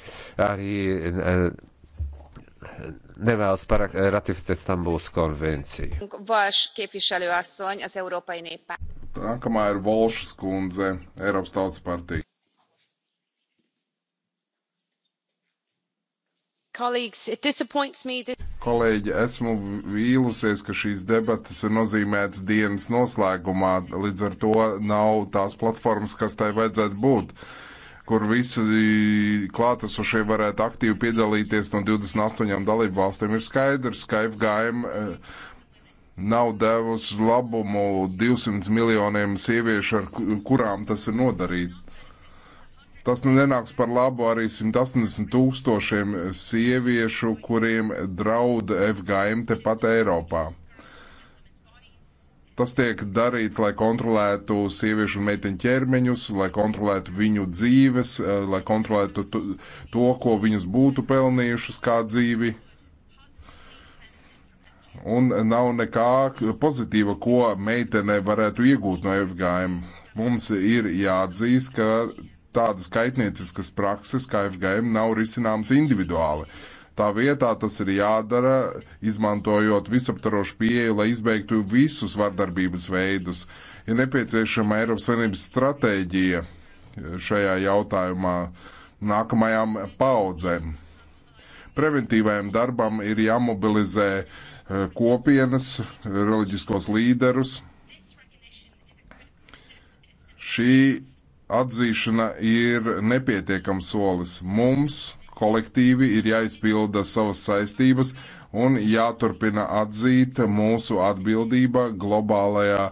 C: arī
A: nevēlas parak, ratificēt Stambulas konvenciju.
B: Vārš képviselő asszony az Európai Néppárt.
A: Nākamā ir Volšas kundze, Eiropas Tautas partija.
C: Kolēģi,
A: esmu vīlusies, ka šīs debatas ir nozīmētas dienas noslēgumā, līdz ar to nav tās platformas, kas tai vajadzētu būt. Uh, kur visi klātesošie varētu aktīvi piedalīties no 28 dalību valstīm, ir skaidrs, ka FGM eh, nav devusi labumu 200 miljoniem sieviešu, ar kurām tas ir nodarīts. Tas nu nenāks par labu arī 180 tūkstošiem sieviešu, kuriem draud FGM tepat Eiropā. Tas tiek darīts, lai kontrolētu sieviešu un meiteņu ķermeņus, lai kontrolētu viņu dzīves, eh, lai kontrolētu to, ko viņas būtu pelnījušas kā dzīvi. Un nav nekā pozitīva, ko meitene varētu iegūt no FGM. Mums ir jāatzīst, ka tādas kaitnieciskas prakses kā FGM nav risināmas individuāli. Uh, Tā vietā tas ir jādara, izmantojot visaptarošu pieeju, lai izbeigtu visus vardarbības veidus. Ir nepieciešama Eiropas Savienības stratēģija šajā jautājumā nākamajām paudzēm. Preventīvajam darbam ir jāmobilizē eh, kopienas, reliģiskos līderus. Šī atzīšana ir nepietiekams solis mums, kolektīvi ir jāizpilda savas saistības un jāturpina atzīt mūsu atbildība globālajā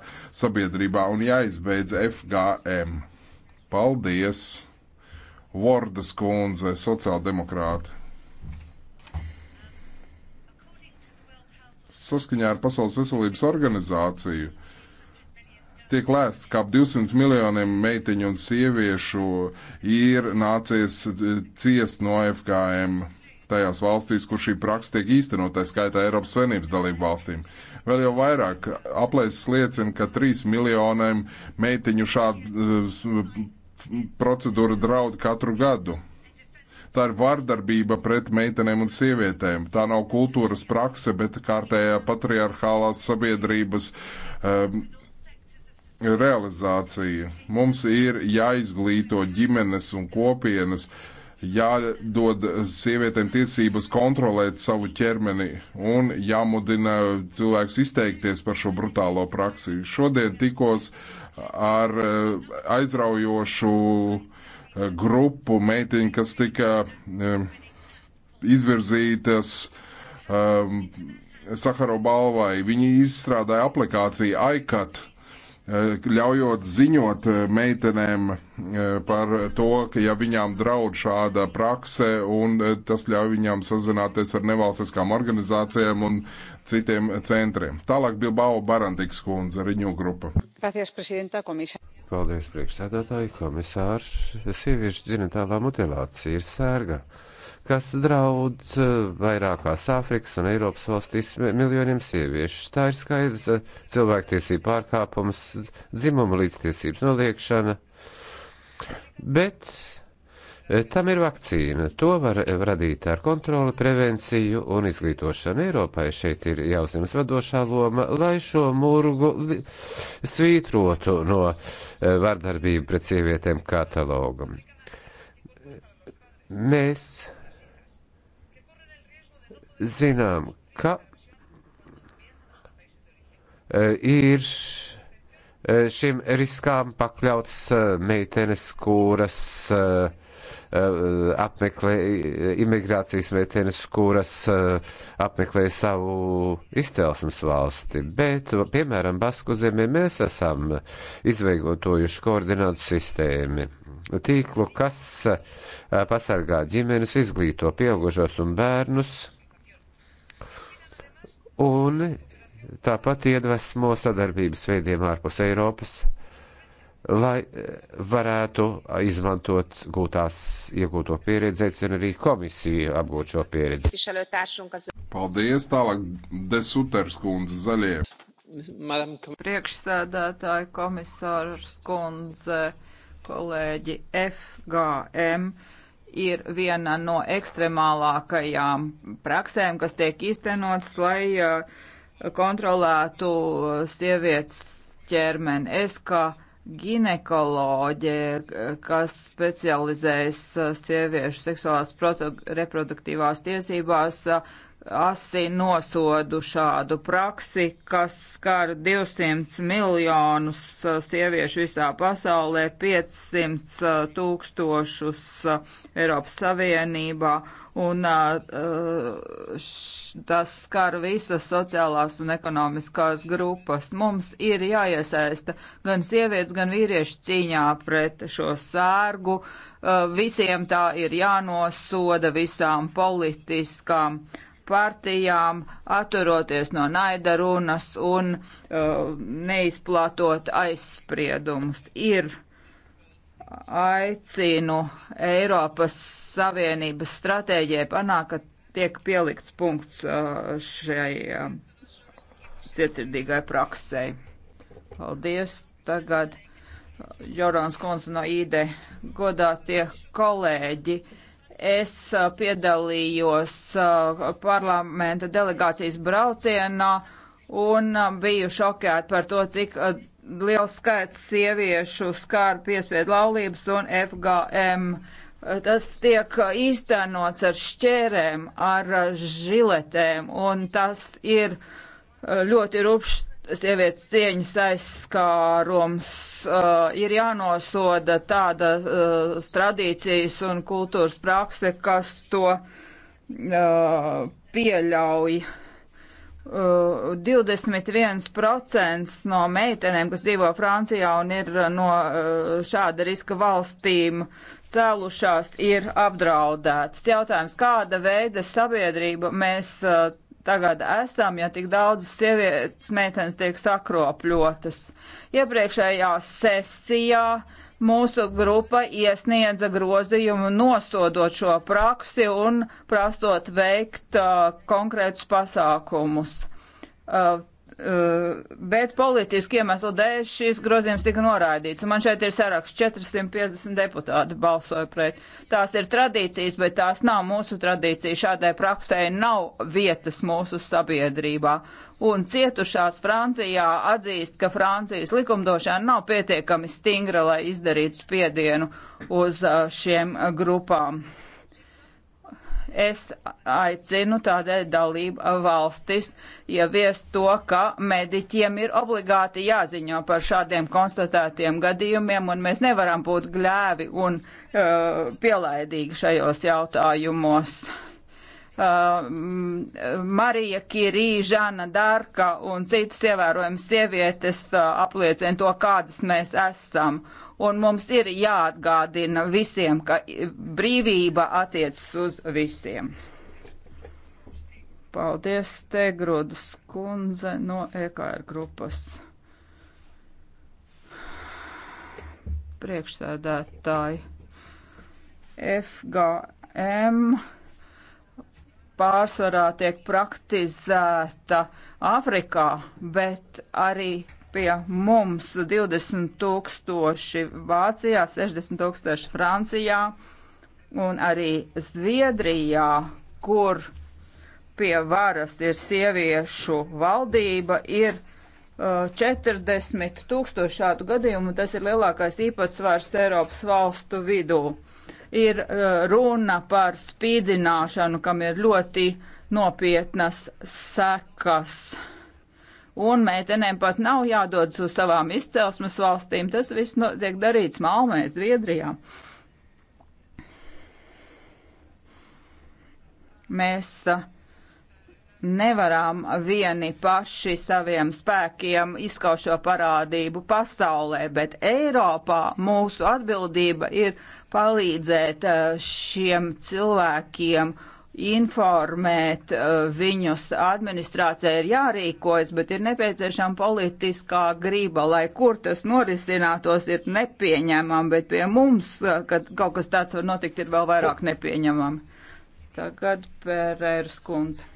A: sabiedrībā un jāizbeidz FGM. Paldies! Vordas kundze, sociāldemokrāti! Saskaņā ar Pasaules veselības organizāciju tiek lēsts, ka ap 200 miljoniem meitiņu un sieviešu ir nācies ciest no FKM tajās valstīs, kur šī praksa tiek īstenot, tā skaitā Eiropas Savienības dalību valstīm. Vēl jau vairāk aplēses liecina, ka 3 miljoniem meitiņu šāda eh, procedūra draud katru gadu. Tā ir vardarbība pret meitenēm un sievietēm. Tā nav kultūras prakse, bet kārtējā patriarchālās sabiedrības um, realizācija. Mums ir jāizglīto ģimenes un kopienas, jādod sievietēm tiesības kontrolēt savu ķermeni un jāmudina cilvēks izteikties par šo brutālo praksi. Šodien tikos ar eh, aizraujošu eh, grupu meitiņu, kas tika eh, izvirzītas um, Sakaro balvai. Viņi izstrādāja aplikāciju iCat, Eh, ļaujot ziņot eh, meitenēm eh, par to, ka ja viņām draud šāda prakse un tas ļauj viņām sazināties ar nevalstiskām organizācijām un citiem centriem. Tālāk Bilbao Barantiks kundze, Riņu grupa.
B: Gracias, presidenta, komisija.
A: Paldies, priekšsēdētāji, komisārs.
C: Sieviešu ģenitālā mutilācija ir sērga kas draud eh, vairākās Āfrikas un Eiropas valstīs miljoniem sieviešu. Tā ir skaidrs eh, cilvēktiesība pārkāpums, dzimuma līdztiesības noliekšana. Bet eh, Tam ir vakcīna. To var radīt ar kontroli, prevenciju un izglītošanu. Eiropai šeit ir jāuzņemas vadošā loma, lai šo murgu svītrotu no vardarbību pret sievietēm katalogam. Mēs zinām, ka e, ir e, šim riskām pakļauts e, meitenes, kuras apmeklē imigrācijas meitenes, kuras apmeklē savu izcelsmes valsti. Bet, piemēram, Basku zemē mēs esam izveidojuši koordinātu sistēmu, tīklu, kas pasargā ģimenes, izglīto pieaugušos un bērnus un tāpat iedvesmo sadarbības veidiem ārpus Eiropas, lai eh, varētu izmantot gūtās, iegūto pieredzi, aicinu arī komisiju apgūt šo pieredzi.
A: Paldies, tālāk Desuters kundze zaļie.
B: Priekšsēdētāji komisārs kundze, kolēģi FGM ir viena no ekstremālākajām praksēm, kas tiek īstenots, lai uh, kontrolētu sievietes ķermeni. Es kā ginekoloģe, uh, kas specializējas uh, sieviešu seksuālās reproduktīvās tiesībās, asi nosodu šādu praksi, kas skar 200 miljonus uh, sieviešu visā pasaulē, 500 uh, tūkstošus uh, Eiropas Savienībā, un tas skar visas sociālās un ekonomiskās grupas. Mums ir jāiesaista gan sievietes, gan vīrieši cīņā pret šo sērgu. Visiem tā ir jānosoda, visām politiskām uh, partijām, atturoties no naida runas un uh, neizplatot aizspriedumus. Ir aicinu Eiropas Savienības stratēģijai panākt, ka tiek pielikts punkts uh, šai uh, cietsirdīgai praksē. Paldies! Tagad uh, Jorans Kons no IDE godā tie kolēģi. Uh, Es piedalījos parlamenta delegācijas braucienā un biju šokēta par to, cik liels skaits sieviešu skāra piespiedu laulības un FGM. Tas tiek īstenots ar šķērēm, ar žiletēm, un tas ir ļoti rupšs sievietes cieņas aizskārums uh, ir jānosoda tāda uh, tradīcijas un kultūras prakse, kas to uh, pieļauj. Uh, 21% no meitenēm, kas dzīvo Francijā un ir uh, no uh, šāda riska valstīm cēlušās, ir apdraudētas. Jautājums, kāda veida sabiedrība mēs uh, tagad esam, ja tik daudz sievietes meitenes tiek sakropļotas. Iepriekšējā sesijā mūsu grupa iesniedza grozījumu nosodot šo praksi un prasot veikt uh, konkrētus pasākumus. Uh, Eh, bet politiski iemeslu dēļ šis grozījums tika noraidīts. Un man šeit ir saraksts 450 deputāti balsoja pret. Tās ir tradīcijas, bet tās nav mūsu tradīcija. Šādai praksē nav vietas mūsu sabiedrībā. Un cietušās Francijā atzīst, ka Francijas likumdošana nav pietiekami stingra, lai izdarītu spiedienu uz eh, šiem grupām. Es aicinu tādēļ dalību valstis ieviest to, ka mediķiem ir obligāti jāziņo par šādiem konstatētiem gadījumiem, un mēs nevaram būt gļēvi un uh, pielaidīgi šajos jautājumos. Uh, mm, Marija Kirī, Žana Darka un citas ievērojamas sievietes uh, apliecina to, kādas mēs esam. Un mums ir jāatgādina visiem, ka brīvība attiecas uz visiem. Paldies, Tegrudas kundze no EKR grupas. Priekšsēdētāji FGM pārsvarā tiek praktizēta Āfrikā, bet arī pie mums 20 tūkstoši Vācijā, 60 tūkstoši Francijā un arī Zviedrijā, kur pie varas ir sieviešu valdība, ir uh, 40 tūkstoši šādu gadījumu, un tas ir lielākais īpatsvars Eiropas valstu vidū ir eh, runa par spīdzināšanu, kam ir ļoti nopietnas sekas. Un meitenēm pat nav jādodas uz savām izcelsmes valstīm. Tas viss no, tiek darīts Malmē, Zviedrijā. Mēs uh, nevaram vieni paši saviem spēkiem izskaut šo parādību pasaulē, bet Eiropā mūsu atbildība ir palīdzēt eh, šiem cilvēkiem informēt eh, viņus. Administrācijai ir jārīkojas, bet ir nepieciešama politiskā grība, lai kur tas norisinātos, ir nepieņemama, bet pie mums, eh, kad kaut kas tāds var notikt, ir vēl vairāk nepieņemama. Tagad pērērs kundze.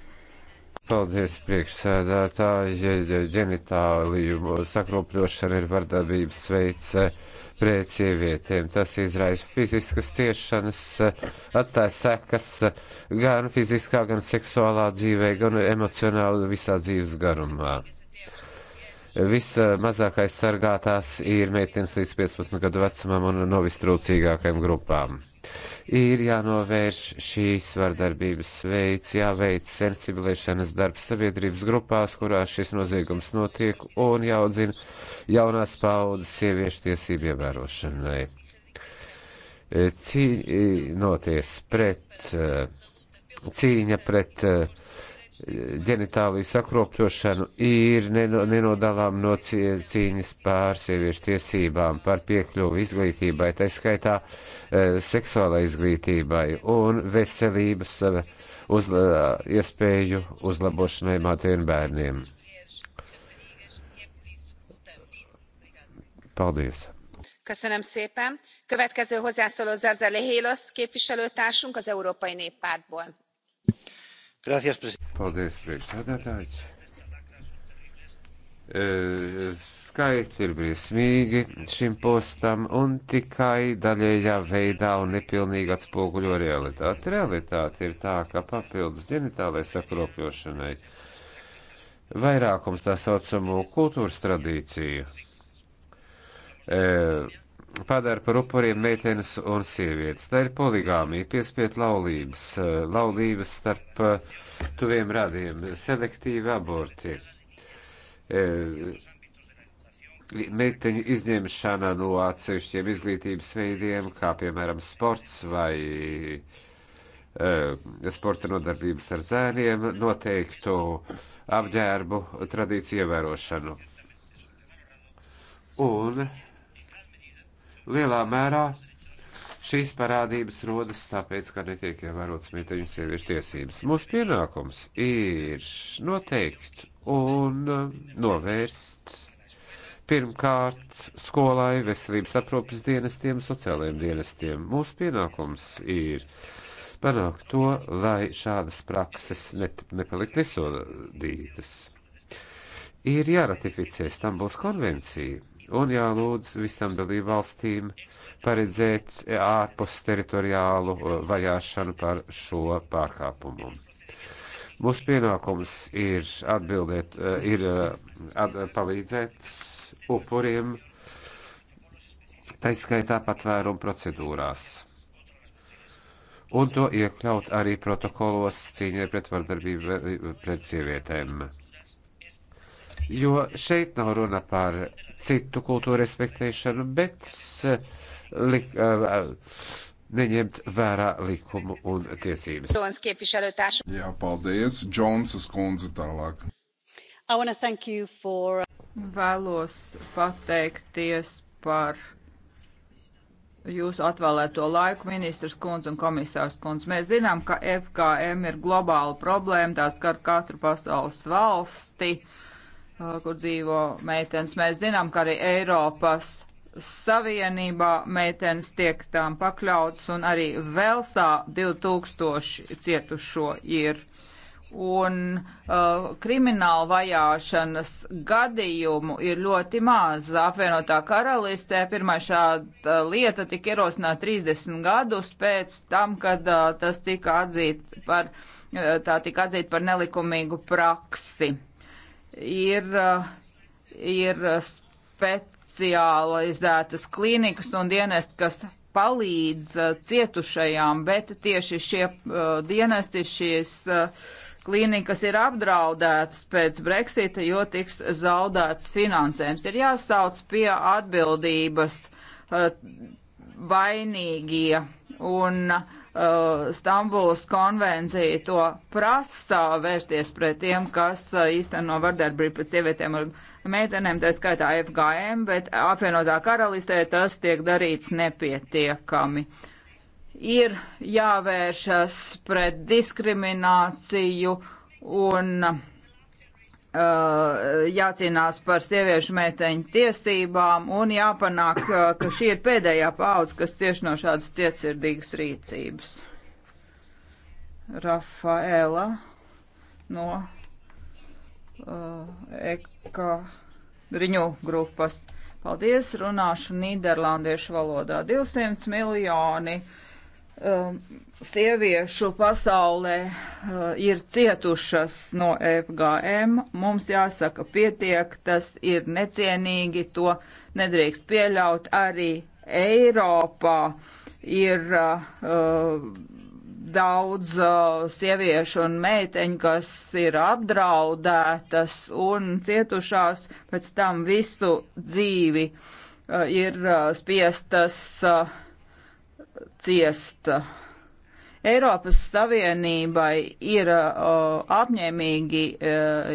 C: Paldies, priekšsēdētāji. Ģenitāliju sakropļošana ir vardarbības veids eh, pret sievietēm. Tas izraisa fiziskas ciešanas, eh, atstāja sekas eh, gan fiziskā, gan seksuālā dzīvē, gan emocionāli visā dzīves garumā. Vismazākais sargātās ir meitenes līdz 15 gadu vecumam un novistrūcīgākajām grupām. Ir jānovērš šīs vardarbības veids, jāveic sensibilēšanas darbs sabiedrības grupās, kurās šis noziegums notiek, un jāaudzina jaunās paudzes sieviešu tiesību ievērošanai. Cīnoties pret cīņa pret ģenitāliju sakropļošanu ir nenodalām no cīņas pār sieviešu tiesībām, par piekļuvu izglītībai, tā skaitā e, seksuālai izglītībai un veselības e, uz, e, iespēju uzlabošanai mātiem bērniem. Paldies!
B: Köszönöm szépen. Következő hozzászóló Zarzeli Hélosz képviselőtársunk az Európai Néppártból
C: Gracias, prezident. Paldies, priekšsēdētājs. E, Skaitļi ir briesmīgi šim postam un tikai daļējā veidā un nepilnīgi atspoguļo realitāti. Realitāte ir tā, ka papildus ģenitālai sakropļošanai vairākums tā saucamo kultūras tradīciju. E, padara par upuriem meitenes un sievietes. Tā ir poligāmija, piespiedu laulības, eh, laulības starp eh, tuviem radiem, selektīvi aborti, eh, meiteņu izņemšana no atsevišķiem izglītības veidiem, kā piemēram sports vai sporta nodarbības ar zēniem, noteiktu apģērbu tradīciju ievērošanu. Un Lielā mērā šīs parādības rodas tāpēc, ka netiek ievērotas meiteņu sieviešu tiesības. Mūsu pienākums ir noteikt un eh, novērst pirmkārt skolai, veselības aprūpas dienestiem, sociālajiem dienestiem. Mūsu pienākums ir panākt to, lai šādas prakses net, nepalikt nesodītas. Ir jāratificē Stambuls konvencija, un jālūdz visam dalībvalstīm paredzēt ārpus teritoriālu uh, vajāšanu par šo pārkāpumu. Mūsu pienākums ir atbildēt, uh, ir uh, at, palīdzēt upuriem, taiskaitā patvērumu procedūrās un to iekļaut arī protokolos cīņai pret vardarbību pret sievietēm jo šeit nav runa par citu kultūru respektēšanu, bet lik,
A: neņemt vērā likumu un tiesības. Jā, paldies. Džonsas kundze tālāk.
B: For... Uh, Vēlos pateikties par jūsu atvēlēto laiku, ministrs kundze un komisārs kundze. Mēs zinām, ka FKM ir globāla problēma, tās skar katru pasaules valsti. Uh, Uh, kur dzīvo meitenes. Mēs zinām, ka arī Eiropas Savienībā meitenes tiek tām pakļauts un arī Velsā 2000 cietušo ir. Un uh, krimināla vajāšanas gadījumu ir ļoti maz. Apvienotā karalistē pirmā šāda lieta tika ierosināta 30 gadus pēc tam, kad uh, tas tika atzīt par, uh, tā tika atzīt par nelikumīgu praksi. Uh, ir, uh, ir specializētas klīnikas un dienesti, kas palīdz uh, cietušajām, bet tieši šie uh, dienesti, šīs uh, klīnikas ir apdraudētas pēc Brexita, jo tiks zaudēts finansējums. Ir jāsauc pie atbildības uh, vainīgie un uh, uh, Stambulas konvencija to prasa vērsties pret tiem, kas uh, īsteno vardarbību pret sievietēm un meitenēm, tā skaitā FGM, bet apvienotā karalistē tas tiek darīts nepietiekami. Ir jāvēršas pret diskrimināciju un uh, Uh, jācīnās par sieviešu meiteņu tiesībām un jāpanāk, uh, ka šī ir pēdējā paudze, kas cieši no šādas cietsirdīgas rīcības. Rafaela no uh, Eka riņu grupas. Paldies, runāšu Nīderlandiešu valodā. 200 miljoni uh, Um, sieviešu pasaulē uh, ir cietušas no FGM. Mums jāsaka, pietiek, tas ir necienīgi, to nedrīkst pieļaut. Arī Eiropā ir uh, daudz uh, sieviešu un meiteņu, kas ir apdraudētas un cietušās pēc tam visu dzīvi uh, ir uh, spiestas. Uh, ciest. Eiropas Savienībai ir uh, apņēmīgi uh,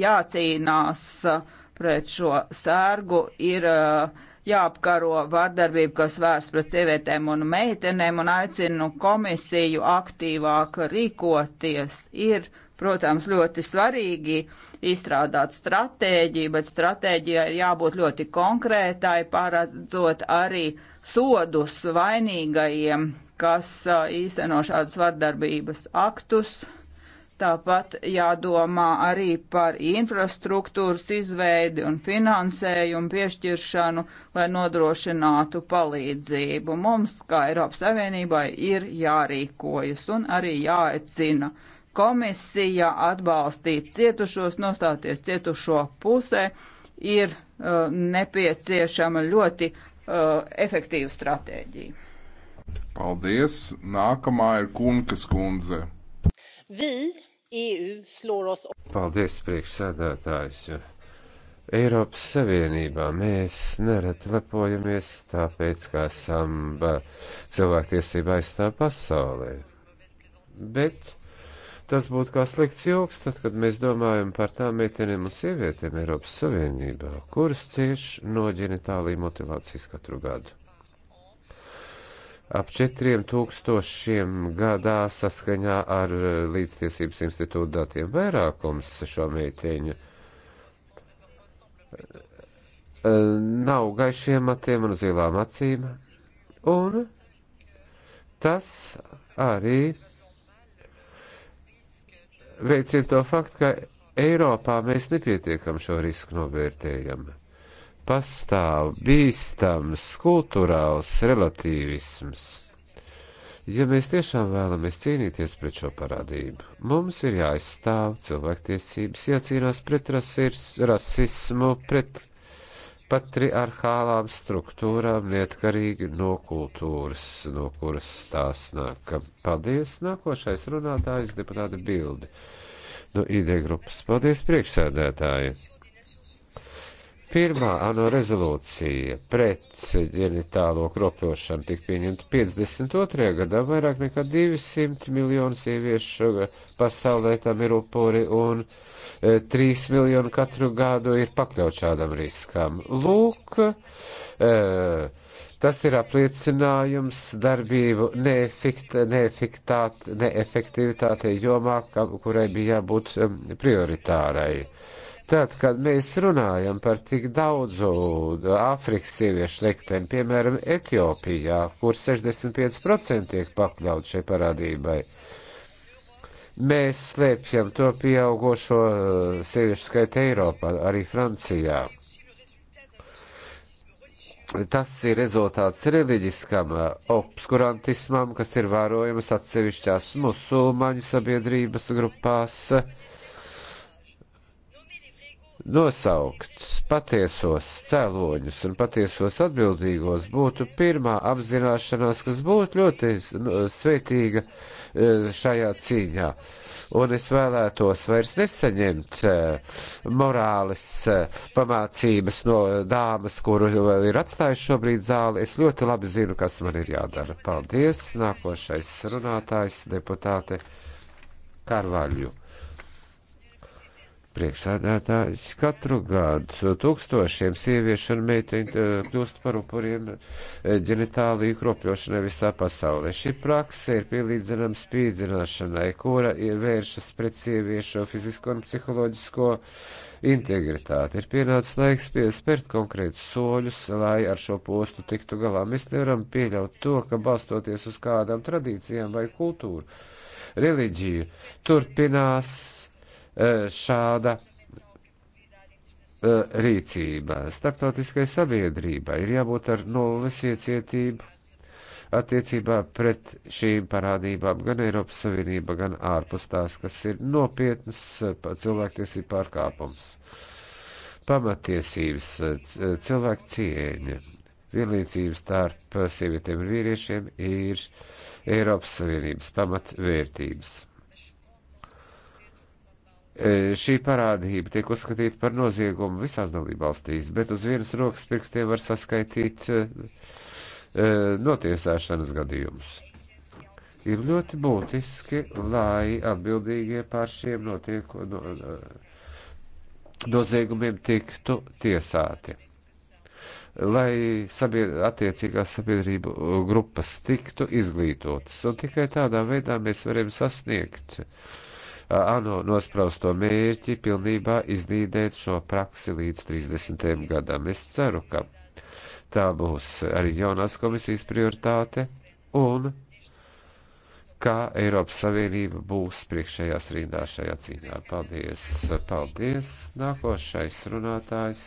B: jācīnās uh, pret šo sērgu, ir uh, jāapkaro vardarbību, kas vērsts pret sievietēm un meitenēm, un aicinu komisiju aktīvāk rīkoties. Ir uh, protams, ļoti svarīgi izstrādāt stratēģiju, bet stratēģijai ir jābūt ļoti konkrētai, paredzot arī sodus vainīgajiem, kas īsteno šādus vardarbības aktus. Tāpat jādomā arī par infrastruktūras izveidi un finansējumu piešķiršanu, lai nodrošinātu palīdzību. Mums, kā Eiropas Savienībai, ir jārīkojas un arī jāecina uh, komisija atbalstīt cietušos, nostāties cietušo pusē, ir uh, nepieciešama ļoti uh, efektīva stratēģija.
A: Paldies! Nākamā ir Kunkas kundze.
B: Vi,
C: EU, sloros.
A: Paldies, priekšsēdētājs! Eiropas
C: Savienībā mēs nereti lepojamies tāpēc, ka esam uh, cilvēktiesība aizstāv pasaulē. Bet Tas būtu kā slikts joks, tad, kad mēs domājam par tām meitenēm un sievietēm Eiropas Savienībā, kuras cieš no ģenitālī motivācijas katru gadu. Ap četriem tūkstošiem gadā saskaņā ar eh, Līdztiesības institūta datiem vairākums šo meiteņu eh, nav gaišiem matiem un zilām acīm, un tas arī veicina to faktu, ka Eiropā mēs nepietiekam šo risku novērtējam. Pastāv bīstams kultūrāls relativisms. Ja mēs tiešām vēlamies cīnīties pret šo parādību, mums ir jāizstāv cilvēktiesības, jācīnās pret rasismu, pret pat triarchālām struktūrām neatkarīgi no kultūras, no kuras tās nāk. Paldies! Nākošais runātājs deputāta Bildi no ID grupas. Paldies, priekšsēdētāji! Pirmā ANO rezolūcija pret ģenitālo kropļošanu tika pieņemta 52. gadā. Vairāk nekā 200 miljonu sieviešu pasaulē tam ir upuri un 3 e, miljonu katru gadu ir pakļaut šādam riskam. Lūk, e, tas ir apliecinājums darbību neefikt, neefektivitātei jomā, kurai bija jābūt e, prioritārai. Tad, kad mēs runājam par tik daudzu Āfrikas sieviešu likteni, piemēram, Etiopijā, kur 65% tiek pakļaut šai parādībai, mēs slēpjam to pieaugošo eh, sieviešu skaitu Eiropā, arī Francijā tas ir rezultāts reliģiskam eh, obskurantismam, kas ir vērojams atsevišķās musulmaņu sabiedrības grupās. Nosaukt patiesos cēloņus un patiesos atbildīgos būtu pirmā apzināšanās, kas būtu ļoti nu, svētīga e, šajā cīņā. Un es vēlētos vairs nesaņemt e, morāles e, pamācības no dāmas, kuru ir atstājuši šobrīd zāli. Es ļoti labi zinu, kas man ir jādara. Paldies! Nākošais runātājs deputāte Karvaļu. Priekšsēdētājs katru gadu tūkstošiem sieviešu un meiteņu eh, kļūst par upuriem eh, ģenitāliju kropļošanai visā pasaulē. Šī prakse ir pielīdzinama spīdzināšanai, kura vēršas pret sieviešu fizisko un psiholoģisko integritāti. Ir pienācis laiks piespērt konkrētus soļus, lai ar šo postu tiktu galā. Mēs nevaram pieļaut to, ka balstoties uz kādām tradīcijām vai kultūru, reliģiju turpinās Eh, šāda eh, rīcība. Startautiskai sabiedrībai ir jābūt ar nulles iecietību attiecībā pret šīm parādībām gan Eiropas Savienība, gan ārpus tās, kas ir nopietnas eh, cilvēktiesību pārkāpums. Pamatiesības, cilvēku cieņa, vienlīdzība starp sievietēm un vīriešiem ir Eiropas Savienības pamatvērtības. E, šī parādība tiek uzskatīta par noziegumu visās dalībvalstīs, bet uz vienas rokas pirkstiem var saskaitīt e, e, notiesāšanas gadījumus. Ir ļoti būtiski, lai atbildīgie pār šiem notiek, no, noziegumiem tiktu tiesāti lai sabied, attiecīgās sabiedrību grupas tiktu izglītotas. Un tikai tādā veidā mēs varam sasniegt uh, ANO nosprausto mērķi pilnībā iznīdēt šo praksi līdz 30. gadam. Es ceru, ka tā būs arī jaunās komisijas prioritāte un kā Eiropas Savienība būs priekšējās rindā šajā cīņā. Paldies! Paldies! Nākošais runātājs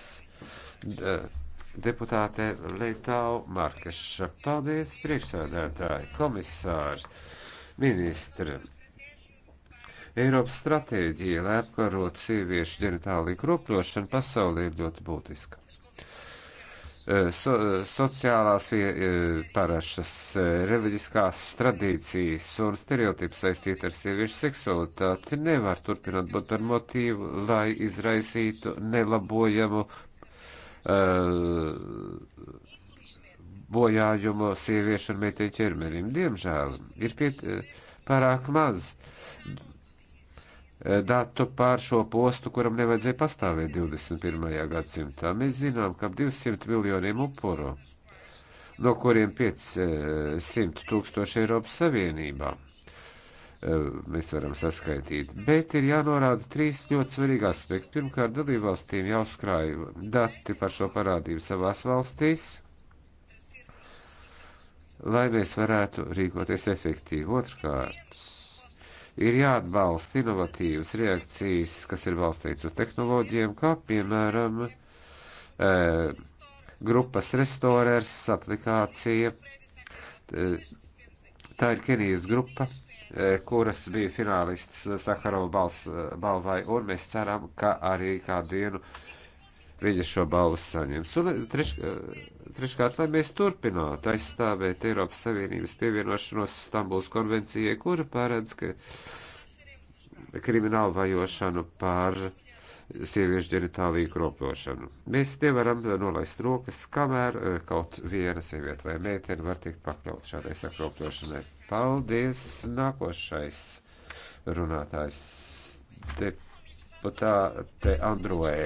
C: deputāte Leitau Markeša. Paldies, priekšsēdētāji, komisāri, ministri! Eiropas stratēģija, lai apkarotu sieviešu ģenitāliju kropļošanu, pasaulē ir ļoti būtiska. Eh, so, sociālās eh, parašas, eh, reliģiskās tradīcijas un stereotipi saistīti ar sieviešu seksualitāti nevar turpināt būt par motīvu, lai izraisītu nelabojamu uh, bojājumu sieviešu un meiteņu ķermenim. Diemžēl ir piet, pārāk maz Eh, datu pār šo postu, kuram nevajadzēja pastāvēt 21. gadsimtā. Mēs zinām, ka ap 200 miljoniem upuru, no kuriem 500 tūkstoši Eiropas Savienībā, eh, mēs varam saskaitīt. Bet ir jānorāda trīs ļoti svarīgi aspekti. Pirmkārt, dalībvalstīm jāuzkrāj dati par šo parādību savās valstīs, lai mēs varētu rīkoties efektīvi. Otrkārt, Ir jāatbalsta inovatīvas reakcijas, kas ir balstītas uz tehnoloģiem, kā piemēram e, grupas restorers aplikācija. E, tā ir Kenijas grupa, e, kuras bija finālists Sakarova balvai, un mēs ceram, ka arī kādu dienu. E, viņa šo balvu saņems. Un eh, treš, eh, treškārt, lai mēs turpinātu aizstāvēt Eiropas Savienības pievienošanos Stambuls konvencijai, kura paredz, ka kriminālu vajošanu par sieviešu ģenitāliju kropļošanu. Mēs nevaram nolaist rokas, kamēr eh, kaut viena sieviete vai meitene var tikt pakļaut šādai sakropļošanai. Paldies! Nākošais runātājs deputāte Androē.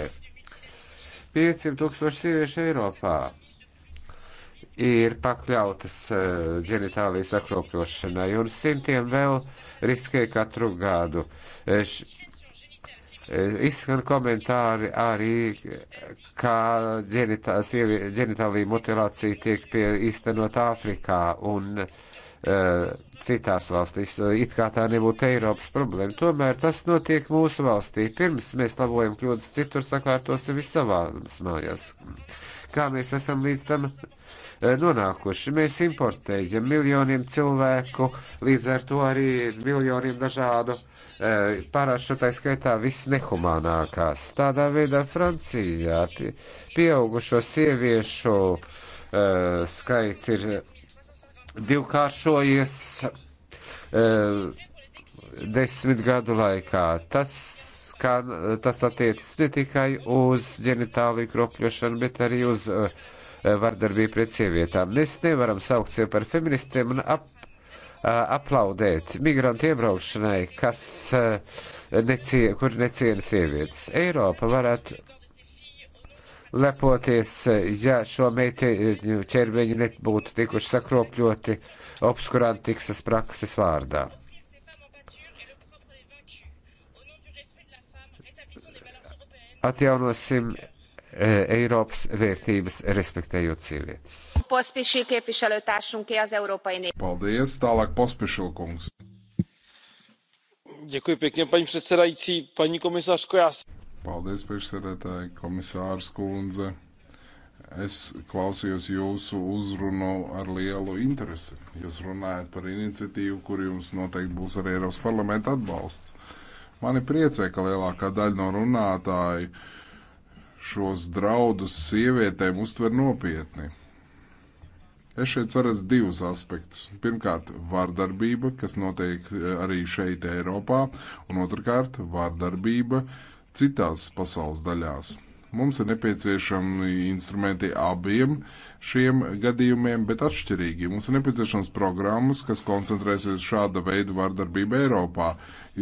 C: 500 tūkstoši sieviešu Eiropā ir pakļautas eh, ģenitālijas akropļošanai, un simtiem vēl riskē katru gadu. Eh, š eh, Izskan komentāri arī, kā ģenitā, sievi, ģenitālija mutilācija tiek pie īstenot Āfrikā, un uh, Eh, citās valstīs, eh, it kā tā nebūtu Eiropas problēma. Tomēr tas notiek mūsu valstī. Pirms mēs labojam kļūdas citur, sakārtosim visu savās mājās. Kā mēs esam līdz tam eh, nonākuši? Mēs importējam miljoniem cilvēku, līdz ar to arī miljoniem dažādu parašu, tā skaitā visnehumānākās. Tādā veidā Francijā pieaugušo sieviešu uh, skaits ir divkāršojies eh, desmit gadu laikā. Tas, kā, tas attiecas ne tikai uz ģenitāliju kropļošanu, bet arī uz eh, vardarbību pret sievietām. Mēs nevaram saukt sevi par feministiem un ap, eh, aplaudēt migrantu iebraukšanai, kas necie, kur neciena sievietes. Eiropa varētu lepoties, ja šo meiteņu ķermeņi nebūtu tikuši sakropļoti obskurantikas prakses vārdā. Atjaunosim e, Eiropas vērtības, respektējot sievietes.
A: Paldies, tālāk pospišilkungs.
C: Děkuji pěkně, paní předsedající, paní komisařko, já
A: Paldies, priekšsēdētāji, komisārs Kundze. Es klausījos jūsu uzrunu ar lielu interesi. Jūs runājat par iniciatīvu, kur jums noteikti būs arī Eiropas parlamenta atbalsts. Mani priecē, ka lielākā daļa no runātāju šos draudus sievietēm uztver nopietni. Es šeit saredzu divus aspektus. Pirmkārt, vārdarbība, kas notiek eh, arī šeit, Eiropā, un otrkārt, vārdarbība, uh, citās pasaules daļās. Mums ir nepieciešami instrumenti abiem šiem gadījumiem, bet atšķirīgi. Mums ir nepieciešams programmas, kas koncentrēsies šāda veida vardarbība Eiropā,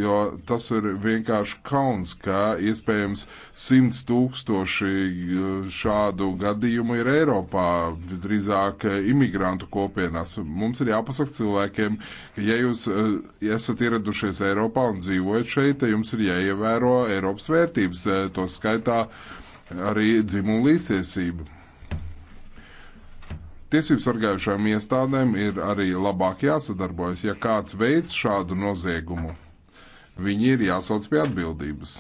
A: jo tas ir vienkārši kauns, ka iespējams simts tūkstoši uh, šādu gadījumu ir Eiropā, visdrīzāk uh, imigrantu kopienās. Mums ir jāpasaka cilvēkiem, ka ja jūs uh, esat ieradušies Eiropā un dzīvojat šeit, tad jums ir jāievēro Eiropas vērtības, to skaitā arī dzimumu līdztiesību. Tiesību sargājušajām iestādēm ir arī labāk jāsadarbojas, ja kāds veids šādu noziegumu. Viņi ir jāsauc pie atbildības.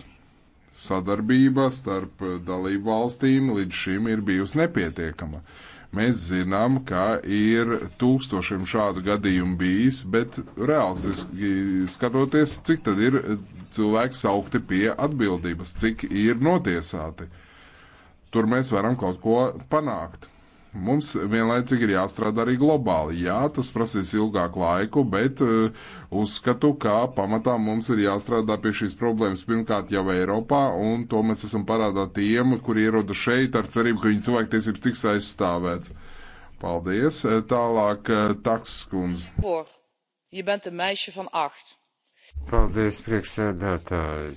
A: Sadarbība starp dalību valstīm līdz šim ir bijusi nepietiekama. Mēs zinām, ka ir tūkstošiem šādu gadījumu bijis, bet reālistiski skatoties, cik tad ir cilvēki saukti pie atbildības, cik ir notiesāti. Tur mēs varam kaut ko panākt. Mums vienlaicīgi ir jāstrādā arī globāli. Jā, tas prasīs ilgāku laiku, bet uh, uzskatu, ka pamatā mums ir jāstrādā pie šīs problēmas pirmkārt jau Eiropā, un to mēs esam parādā tiem, kuri ieroda šeit ar cerību, ka viņu cilvēktiesības tiks aizstāvēts. Paldies. Tālāk uh, eh, Takskundze. Paldies, priekšsēdētāji.